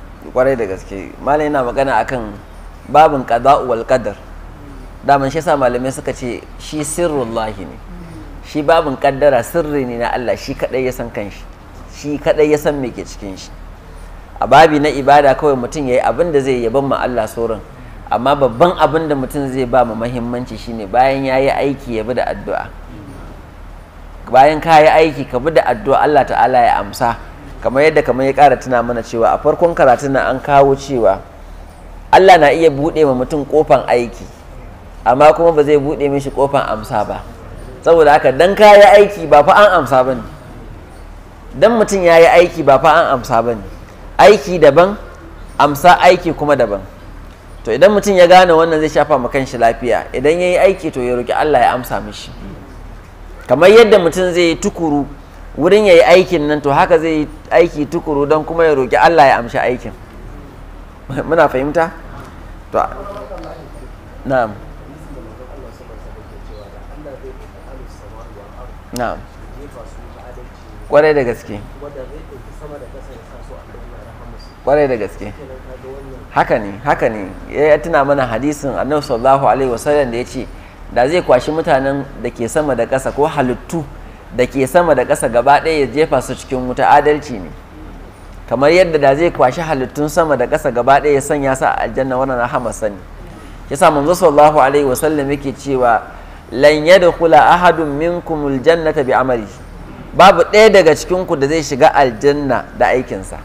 kwarai da gaske malam yana magana akan babin qada'u wal qadar daman shi yasa malamai suka ce shi sirrullahi ne shi babin kaddara sirri ne na Allah shi kadai ya san kanshi shi kadai ya san me ke cikin shi a babi na ibada kawai mutum yayi abin da zai yaban ma Allah sauran amma babban abin da mutum zai ba mu mahimmanci shine bayan ya yi aiki ya bi da addu'a bayan ka yi aiki ka bi da addu'a Allah ta'ala ya amsa kamar yadda kamar ya ƙara tuna mana cewa a farkon karatun na an kawo cewa Allah na iya buɗe ma mutum ƙofan aiki amma kuma ba zai buɗe mishi ƙofan amsa ba saboda haka dan ka yi aiki ba fa an amsa ba ne dan mutum ya yi aiki ba fa an amsa ba ne aiki daban amsa aiki kuma daban to idan mutum ya gane wannan zai shafa ma kanshi lafiya idan ya yi aiki to ya roƙi Allah ya amsa mishi kamar yadda mutum zai yi tukuru wurin ya yi aikin nan to haka zai yi aiki tukuru don kuma ya roƙi Allah ya amshi aikin muna fahimta? to na'am na'am kwarai da gaske kwarai da gaske haka ne haka ne ya tuna mana hadisin annabi sallallahu alaihi wasallam da ya ce da zai kwashi mutanen da ke sama da ƙasa ko halittu da ke sama da ƙasa gaba ɗaya ya jefa su cikin wuta adalci ne kamar yadda da zai kwashi halittun sama da ƙasa gaba ɗaya ya sanya sa a aljanna wannan rahama sani ya yasa manzo sallallahu alaihi wa sallam yake cewa lan yadkhula ahadun minkum aljannata bi amali babu ɗaya daga cikin ku da zai shiga aljanna da aikinsa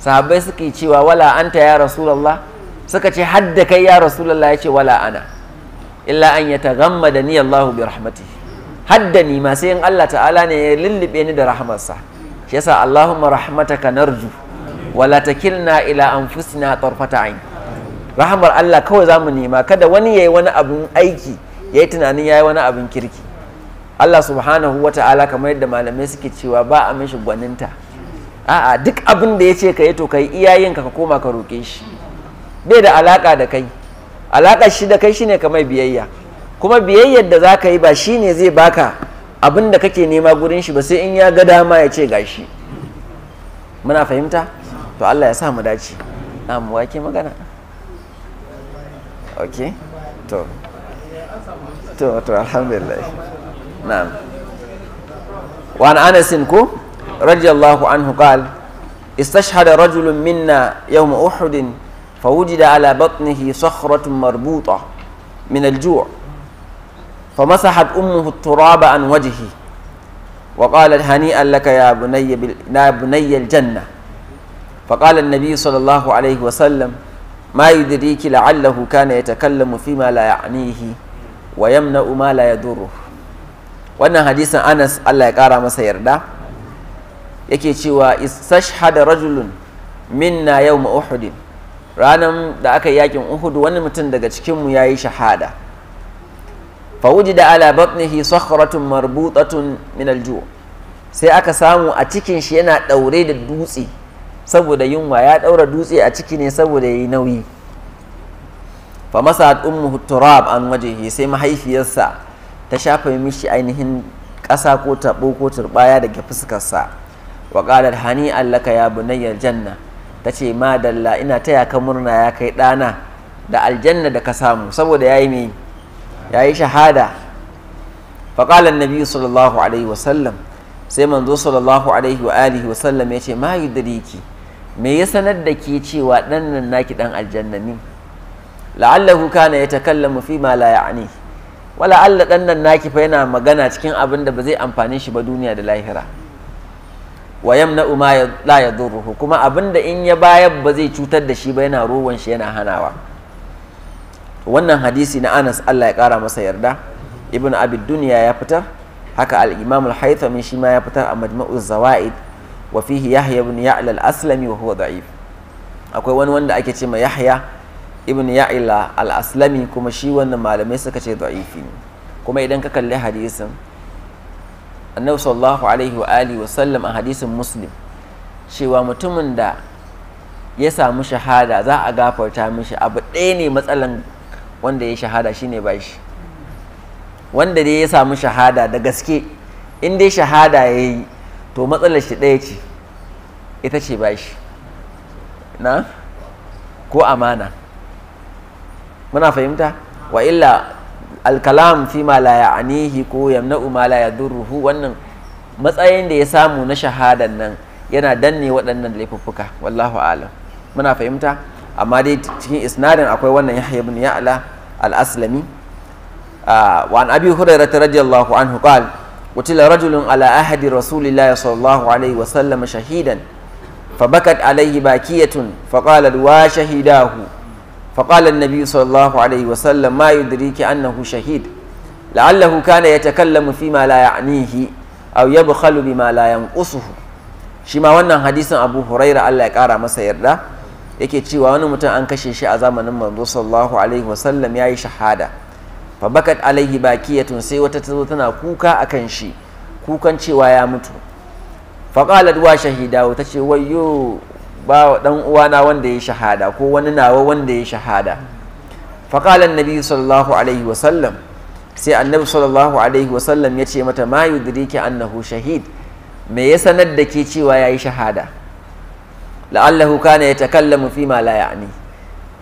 sahabbai suke cewa wala anta ya rasulullah suka ce hadda kai ya rasulullah ya ce wala ana illa an yataghammada ni Allahu bi rahmati. haddani ma sai in Allah ta'ala ne ya lullube ni da rahamarsa shi yasa Allahumma rahmataka narju wala takilna ila anfusina tarfata ayn rahamar Allah kawai zamu nema kada wani yayi wani abin aiki yayi tunanin yayi wani abin kirki Allah subhanahu wa ta'ala kamar yadda malamai suke cewa ba a mishi gwaninta a'a duk abin da ya ce ka yi to kai iyayen ka koma ka roke shi bai da alaka da kai alaka shi da kai shine ka mai biyayya kuma biyayyar da za ka yi ba shi ne zai baka abin da kake nema gurin shi ba sai in ya ga dama ya ce gashi muna fahimta to Allah ya sa mu dace mu wake magana ok to to to alhamdulillah na'am wa an anas ko radiyallahu anhu qala استشهد رجل منا يوم أحد فوجد على بطنه صخرة مربوطة من الجوع فمسحت أمه التراب عن وجهه وقالت هنيئا لك يا بني, بل... يا بني الجنة فقال النبي صلى الله عليه وسلم ما يدريك لعله كان يتكلم فيما لا يعنيه ويمنع ما لا يضره wannan hadisin anas allah ya kara masa yarda yake cewa istashhada rajulun minna yau ma uhudin ranar da aka yi yakin uhud wani mutum daga cikinmu ya yi shahada فوجد على بطنه صخرة مربوطة من الجوع sai aka samu a cikin shi yana ɗaure da dutse saboda yunwa ya ɗaura dutse a ciki ne saboda ya yi nauyi fa masa ummu turab an waje sai mahaifiyarsa ta shafa mishi ainihin ƙasa ko taɓo ko turɓaya daga fuskarsa wa qalat hani allaka ya bunayya janna tace ma dalla ina taya ka murna ya kai ɗana da aljanna da ka samu saboda yayi mai ya yi shahada faƙalar nabi sallallahu alaihi wasallam sai manzo sallallahu alaihi wa alihi wasallam ya ce ma yudiriki me ya sanar da ke cewa ɗan nan naki ɗan aljanna ne la'allahu kana ya takallamu fi ma la ya'ni wala Allah ɗan nan naki fa yana magana cikin abin da ba zai amfane shi ba duniya da lahira wa yamna ma la yadurruhu kuma abin da in ya bayar ba zai cutar da shi ba yana rowan shi yana hanawa wannan hadisi na anas allah ya kara masa yarda ibn abid duniya ya fitar haka al-imam al shi ma ya fitar a majma'u zawaid wa fihi yahya ibn ya'la al wa huwa da'if akwai wani wanda ake ce ma yahya ibn ya'la al-aslami kuma shi wannan malamai suka ce zaifi ne kuma idan ka kalli hadisin annabi sallallahu alaihi wa alihi wa sallam a hadisin muslim cewa mutumin da ya samu shahada za a gafarta mishi abu ɗaya ne matsalan wanda ya shahada shine bashi wanda dai ya samu shahada da gaske in dai shahada ya yi to matsalar shi ɗaya ce ita ce bashi na ko amana muna fahimta wa illa alkalam fi ma la anihi ko yamna'u ma la yadurruhu wannan matsayin da ya samu na shahadan nan yana danne waɗannan laifuffuka wallahu alam muna fahimta amma dai cikin isnadin akwai wannan yahya bin ya'la al-aslami ah, wa an abi hurairah radiyallahu anhu qala utila rajulun ala ahadi rasulillahi sallallahu alaihi wa sallam shahidan fa bakat alaihi bakiyatun fa qala wa shahidahu fa qala nabi sallallahu alaihi wa sallam ma yudriki annahu shahid la'allahu kana yatakallamu fi ma la ya'nihi aw yabkhalu malayan la shi ma wannan hadisin abu huraira Allah ya kara masa yarda yake cewa wani mutum an kashe shi a zamanin manzo sallallahu alaihi wasallam ya yi shahada fa bakat alaihi bakiyatun sai wata ta zo tana kuka a kan shi kukan cewa ya mutu fa qalat wa shahidahu tace wayyo ba dan uwana wanda ya shahada ko wani nawa wanda ya shahada fa qala annabi sallallahu alaihi wasallam sai annabi sallallahu alaihi wasallam ya ce mata ma diriki annahu shahid me ya sanar da ke cewa ya yi shahada la'allahu kana yatakallamu fi ma la ya'ni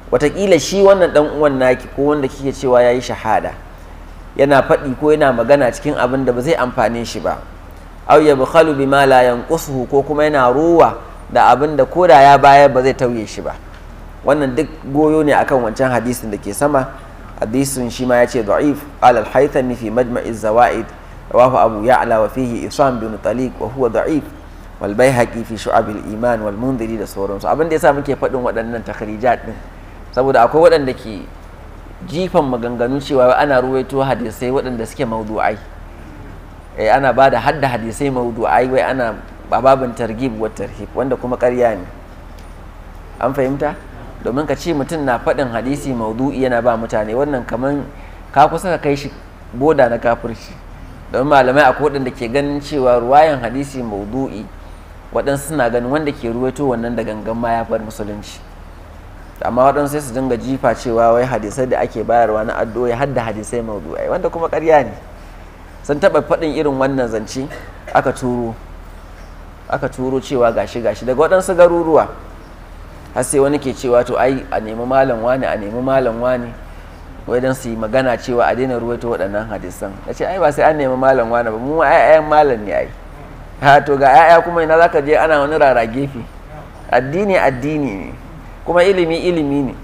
watakila shi wannan dan uwan naki ko wanda kike cewa yayi shahada yana faɗi ko yana magana cikin abin da ba zai amfane shi ba aw yabkhalu bima la yanqusuhu ko kuma yana ruwa da abin da koda ya bayar ba zai tauye shi ba wannan duk goyo ne akan wancan hadisin da ke sama hadisin shi ma ya ce da'if alal haythami fi majma'iz zawaid rawahu abu ya'la wa fihi isam bin taliq wa huwa da'if walbai haƙi fi shu'abil iman wal mundiri da sauransu abin da ya yasa muke faɗin waɗannan takharijat ɗin saboda akwai waɗanda ke jifan maganganu cewa ana ruwaito hadisai waɗanda suke mawdu'ai eh ana ba da hadda hadisai mawdu'ai wai ana babin targhib wa tarhib wanda kuma ƙarya ne an fahimta domin ka ce mutum na faɗin hadisi mawdu'i yana ba mutane wannan kaman ka kusa ka kai shi boda na kafirci don malamai akwai waɗanda ke ganin cewa ruwayan hadisi mawdu'i waɗansu suna ganin wanda ke ruwaito wannan da gangan ma ya bar musulunci amma waɗansu sai su dinga jifa cewa wai hadisai da ake bayarwa na addu'o har da hadisai maudu'ai wanda kuma ƙarya ne sun taɓa faɗin irin wannan zance aka turo aka turo cewa gashi gashi daga waɗansu garuruwa har sai wani ke cewa to ai a nemi malam wani a nemi malam wani wai don su yi magana cewa a daina ruwaito waɗannan hadisan na ce ai ba sai an nemi malam wani ba mu ai ayan malam ne ai ha to ga 'ya'ya kuma ina zaka je ana wani rara gefe addini addini ne kuma ilimi ilimi ne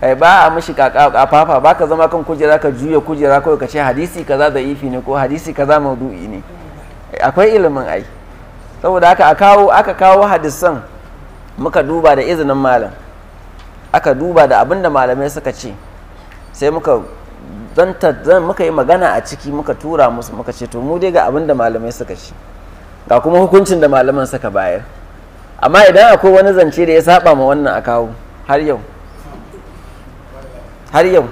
eh, ba a mishi kafafa ba ka zama kan kujera ka juya kujera ko ka ce hadisi kaza da ifi ne ko hadisi kaza maudu'i ne eh, akwai ilimin ai saboda haka aka kawo hadisan muka duba da izinin malam aka duba da abin da malamai suka ce sai muka muka yi magana a ciki muka tura musu muka ce to mu dai ga abin da malamai suka ce ga kuma hukuncin da malaman saka bayar amma idan akwai wani zance da ya saba ma wannan a kawo har yau har yau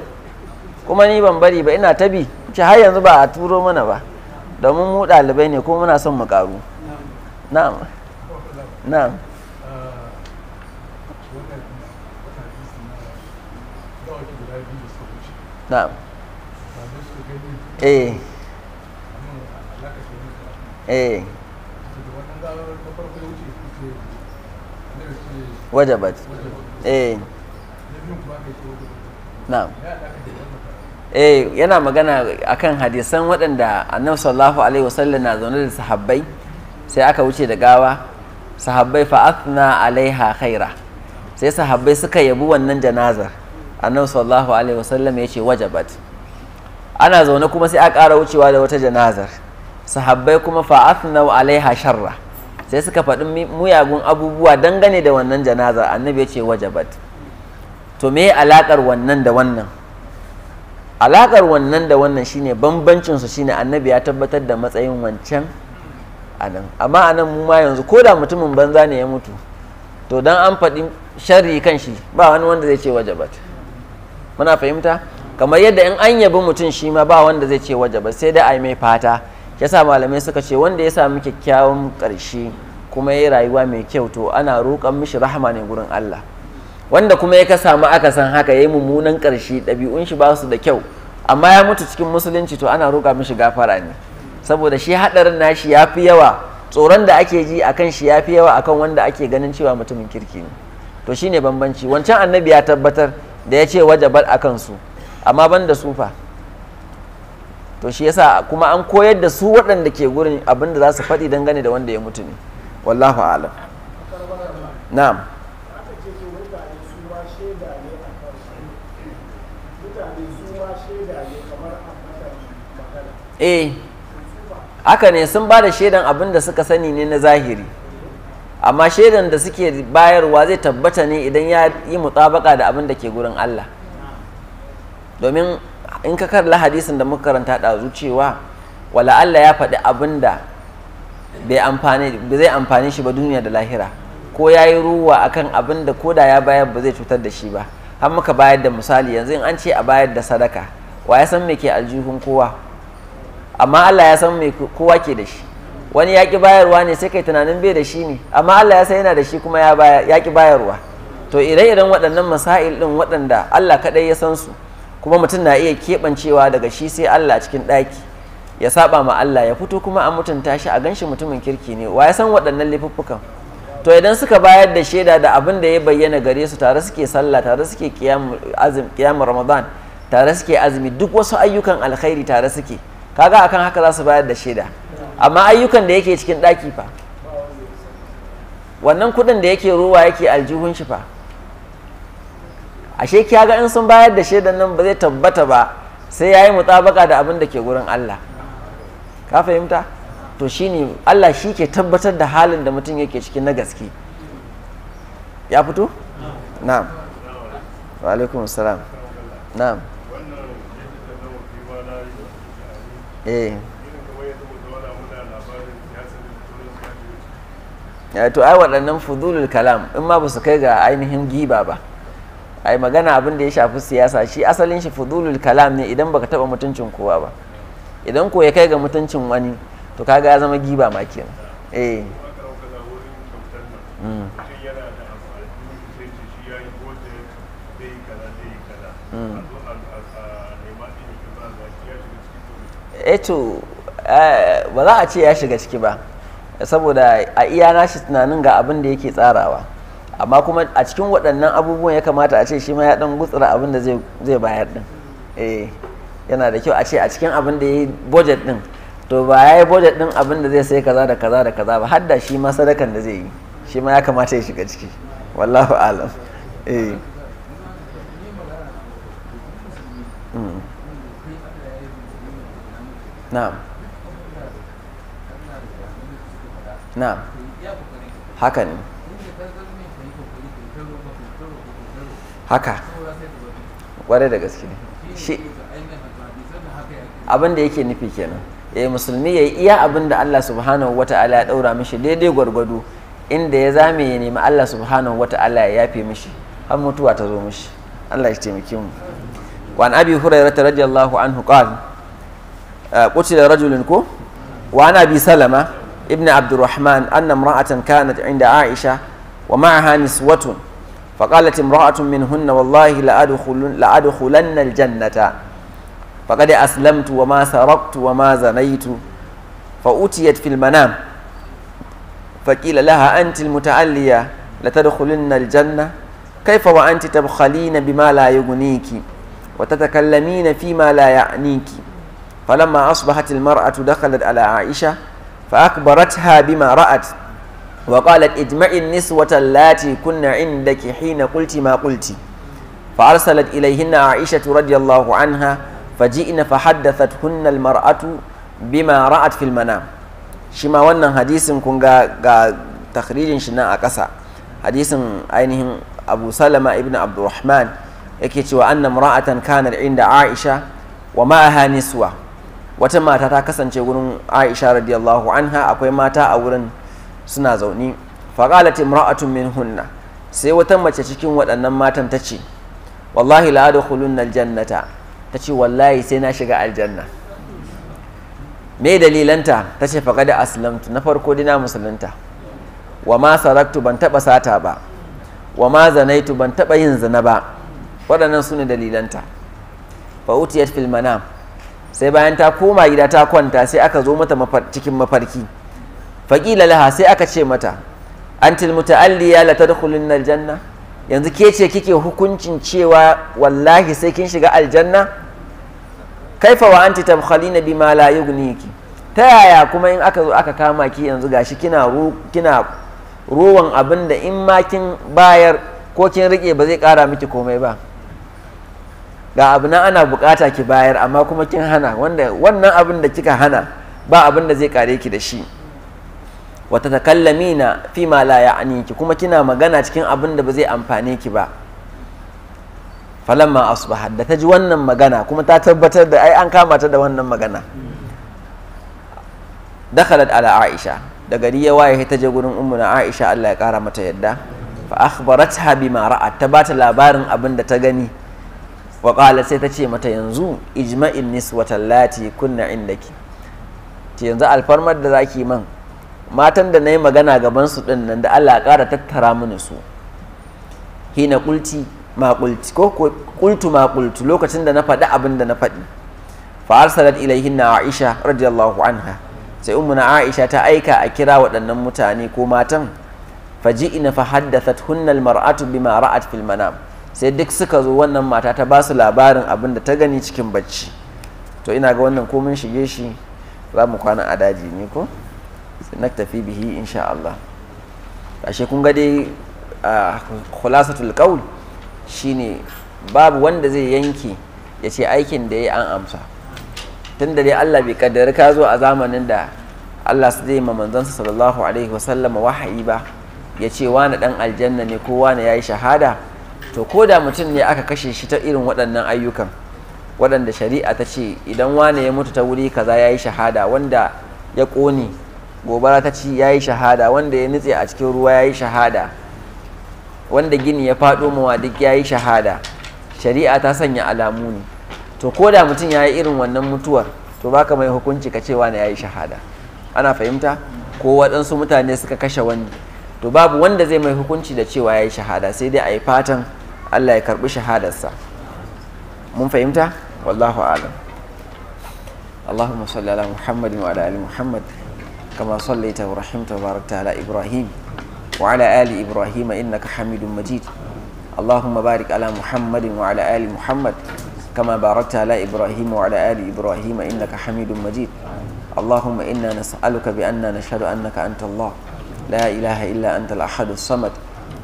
kuma ni ban bari ba ina tabi ce har yanzu ba a turo mana ba domin mu ɗalibai ne kuma muna son mu karu na'am na'am na'am eh eh wajabat eh na'am eh yana magana akan hadisan waɗanda annabi sallallahu alaihi wasallam na zaune da sahabbai sai aka wuce da gawa sahabbai fa'athna alaiha khaira sai sahabbai suka yabi wannan janazar annabi sallallahu alaihi wasallam ya ce wajabat ana zaune kuma sai aka ƙara wucewa da wata janazar sahabbai kuma fa'athna alaiha sharra sai suka faɗi muyagun abubuwa dangane da wannan janaza annabi ya ce wajabat to me alakar wannan da wannan alakar wannan da wannan shine bambancin su shine annabi ya tabbatar da matsayin wancan anan amma anan mu ma yanzu ko da mutumin banza ne ya mutu to dan an faɗi sharri kan shi ba wani wanda zai ce wajabat muna fahimta kamar yadda in an yabi mutum shi ma ba wanda zai ce wajabat sai dai ai mai fata yasa malamai suka ce wanda ya sami kyakkyawan karshe kuma ya rayuwa mai kyau to ana roƙon mishi rahama ne gurin Allah wanda kuma ya ka samu san haka ya yi mummunan karshe ɗabi'un shi ba su da kyau amma ya mutu cikin musulunci to ana roƙa mishi gafara ne saboda shi haɗarin nashi ya fi yawa tsoron da ake ji a kan shi ya fi yawa akan wanda ake ganin cewa mutumin kirki ne to shine bambanci wancan annabi ya tabbatar da ya ce wajabar akan su amma ban da sufa to shi yasa kuma an koyar da su waɗanda ke gurin abin da za su faɗi dangane da wanda ya mutu ne wallahu alam na'am eh haka ne sun ba da shaidan abin da suka sani ne na zahiri amma shaidan da suke bayarwa zai tabbata ne idan ya yi mutabaka da abin da ke gurin Allah domin in ka karla hadisin da muka karanta ɗazu cewa wala Allah ya faɗi abin da bai zai amfani shi ba duniya da lahira ko ya yi ruwa akan abin da ko da ya bayar ba zai cutar da shi ba har muka bayar da misali yanzu in an ce a bayar da sadaka wa ya san me ke aljihun kowa amma Allah ya san me kowa ke da shi wani ya ki bayarwa ne sai kai tunanin bai da shi ne amma Allah ya san yana da shi kuma ya ki bayarwa to ire-iren waɗannan masail ɗin waɗanda Allah kaɗai ya san su kuma mutum na iya keɓancewa daga shi sai Allah cikin ɗaki ya saba ma Allah ya fito kuma a mutunta shi a ganshi mutumin kirki ne wa ya san waɗannan laifuffukan to idan suka bayar da shaida da abin da ya bayyana gare su tare suke sallah tare suke kiyamu ramadan tare suke azumi duk wasu ayyukan alkhairi tare suke kaga akan haka za su bayar da shaida amma ayyukan da yake cikin ɗaki fa wannan kuɗin da yake ruwa yake aljihun shi fa ashe kiya ga in sun bayar da shaidan nan ba zai tabbata ba sai yayi mutabaka da abin da ke gurin Allah ka fahimta to shine Allah shi ke tabbatar da halin da mutum yake ciki na gaske ya fito na'am wa alaikum assalam na'am eh, eh to ai waɗannan fudulul kalam in ma ba su kai ga ainihin giba ba ai magana abin da ya shafi siyasa shi asalin shi fudulul kalam ne idan baka taba mutuncin kowa ba idan ko ya kai ga mutuncin wani to kaga ya zama giba ma kenan eh hmm. hmm. eto eh eh, ba za a ce ya shiga ciki ba saboda a iya nashi tunanin ga abin da yake tsarawa amma kuma a cikin waɗannan abubuwan ya kamata a ce shi ma ya ɗan gutsura abin da zai bayar ɗin eh, yana da kyau a ce a cikin abin da ya yi budget ɗin to ba ya yi budget ɗin abin da zai sai kaza da kaza da kaza ba hadda shi ma sadakan da zai yi shi ma ya kamata ya shiga ciki wallahu alam eh. hmm. haka ne haka ƙware da gaske shi abin da yake nufi kenan eh musulmi ya yi iya abin da Allah subhanahu wa ta'ala ya daura mishi daidai gwargwado inda ya zame ya nemi Allah subhanahu wa ta'ala ya yafe mishi har mutuwa ta zo mishi Allah ya taimake mu وعن أبي هريرة رضي الله عنه قال قتل ko wa وعن bi salama ابن abdurrahman الرحمن أن kanat inda aisha wa ومعها نسوة فقالت امرأة منهن والله لأدخلن, لأدخلن الجنة فقد أسلمت وما سرقت وما زنيت فأتيت في المنام فقيل لها أنت المتألية لتدخلن الجنة كيف وأنت تبخلين بما لا يغنيك وتتكلمين فيما لا يعنيك فلما أصبحت المرأة دخلت على عائشة فأكبرتها بما رأت وقالت اجمع النسوة اللاتي كنا عندك حين قلت ما قلت فأرسلت إليهن عائشة رضي الله عنها فجئن فحدثتهن المرأة بما رأت في المنام شما وانا حديث كنغا تخريج شناء أكسا حديث أينهم أبو سلمة ابن عبد الرحمن يكيت وأن امرأة كانت عند عائشة ومعها نسوة وتما تتاكسن شغل عائشة رضي الله عنها أقوي ماتا أولا suna zaune faqalat imra'atun minhunna sai wata mace cikin waɗannan matan ta ce wallahi la na aljannata ta ce wallahi sai na shiga aljanna me dalilanta ta ce faqad aslamtu na farko dina musulunta wa ma saraktu ban taba sata ba wa ma zanaitu ban taba yin zina ba waɗannan su ne dalilanta fa utiyat fil manam sai bayan ta koma gida ta kwanta sai aka zo mata cikin mafarki faƙila laha sai aka ce mata antil muta'alliya la tadkhulunna aljanna yanzu ke ce kike hukuncin cewa wallahi sai kin shiga aljanna kaifa wa anti tamkhalina bima la yughniki ta yaya kuma in aka zo aka kama ki yanzu gashi kina kina rowan abin da in ma kin bayar ko kin rike ba zai kara miki komai ba ga abu nan ana bukata ki bayar amma kuma kin hana wannan abin da kika hana ba abin da zai kare ki da shi wata tatakallamina fi ma la ya'niki kuma kina magana cikin abin da ba zai amfane ki ba falamma asbahat da ta ji wannan magana kuma ta tabbatar da ai an kama ta da wannan magana dakhalat ala aisha da gari ya waye ta je gurin na aisha Allah ya kara mata yadda fa akhbaratha bima ra'at ta bata labarin abin da ta gani wa qala sai ta ce mata yanzu ijma'in niswatallati kunna indaki ta yanzu alfarmar da zaki man matan da na yi magana gaban su ɗin nan da Allah ƙara tattara mini su hina kulti ma kulti ko kultu ma kultu lokacin da na faɗi abin da na faɗi fa arsalat ilaihinna Aisha radiyallahu anha sai ummuna Aisha ta aika a kira waɗannan mutane ko matan faji'ina fa haddathat hunnal mar'atu bima ra'at fil manam sai duk suka zo wannan mata ta ba su labarin abin da ta gani cikin bacci to ina ga wannan komin shige shi za mu kwana a daji ne ko naktafi bihi insha Allah ashe kun ga dai khulasatul qaul shine babu wanda zai yanke ya ce aikin da ya an amsa tun dai Allah bai kaddara ka zo a zamanin da Allah su zai sa sallallahu alaihi wasallama wahayi ba ya ce wani dan aljanna ne ko wani ya shahada to ko da mutum ne aka kashe shi ta irin waɗannan ayyukan waɗanda shari'a ta ce idan wani ya mutu ta wuri kaza yayi shahada wanda ya ƙone gobara ta ci ya yi shahada wanda ya nutse a cikin ruwa ya yi shahada wanda gini ya faɗo mawa duk ya yi shahada shari'a ta sanya alamu ne to ko da mutum ya yi irin wannan mutuwar to baka mai hukunci ka cewa na ya yi shahada ana fahimta ko waɗansu mutane suka kashe wani to babu wanda zai mai hukunci da cewa ya yi shahada sai dai a yi fatan allah ya karɓi shahadarsa mun fahimta wallahu alam salli ala muhammadin wa ala ali muhammad كما صليت ورحمت وباركت على إبراهيم وعلى آل إبراهيم إنك حميد مجيد اللهم بارك على محمد وعلى آل محمد كما باركت على إبراهيم وعلى آل إبراهيم إنك حميد مجيد اللهم إنا نسألك بأننا نشهد أنك أنت الله لا إله إلا أنت الأحد الصمد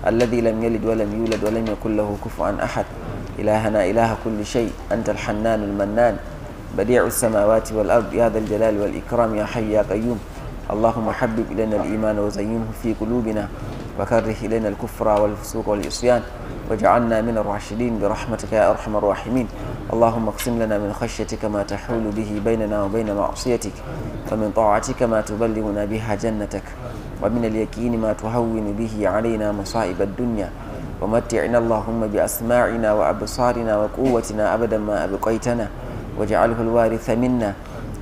الذي لم يلد ولم يولد ولم يكن له كفوا أحد إلهنا إله كل شيء أنت الحنان المنان بديع السماوات والأرض يا ذا الجلال والإكرام يا حي يا قيوم اللهم حبب إلينا الإيمان وزينه في قلوبنا وكره إلينا الكفر والفسوق والعصيان واجعلنا من الراشدين برحمتك يا أرحم الراحمين اللهم اقسم لنا من خشيتك ما تحول به بيننا وبين معصيتك ومن طاعتك ما تبلغنا بها جنتك ومن اليقين ما تهون به علينا مصائب الدنيا ومتعنا اللهم بأسماعنا وأبصارنا وقوتنا أبدا ما أبقيتنا واجعله الوارث منا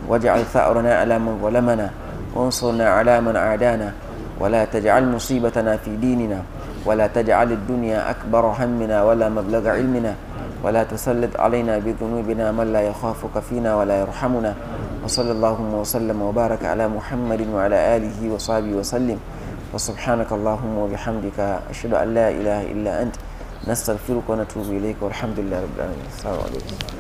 واجعل ثأرنا على من ظلمنا وانصرنا على من عادانا ولا تجعل مصيبتنا في ديننا ولا تجعل الدنيا أكبر همنا ولا مبلغ علمنا ولا تسلط علينا بذنوبنا من لا يخافك فينا ولا يرحمنا وصلى اللهم وسلم وبارك على محمد وعلى آله وصحبه وسلم وسبحانك اللهم وبحمدك أشهد أن لا إله إلا أنت نستغفرك ونتوب إليك والحمد لله رب العالمين السلام عليكم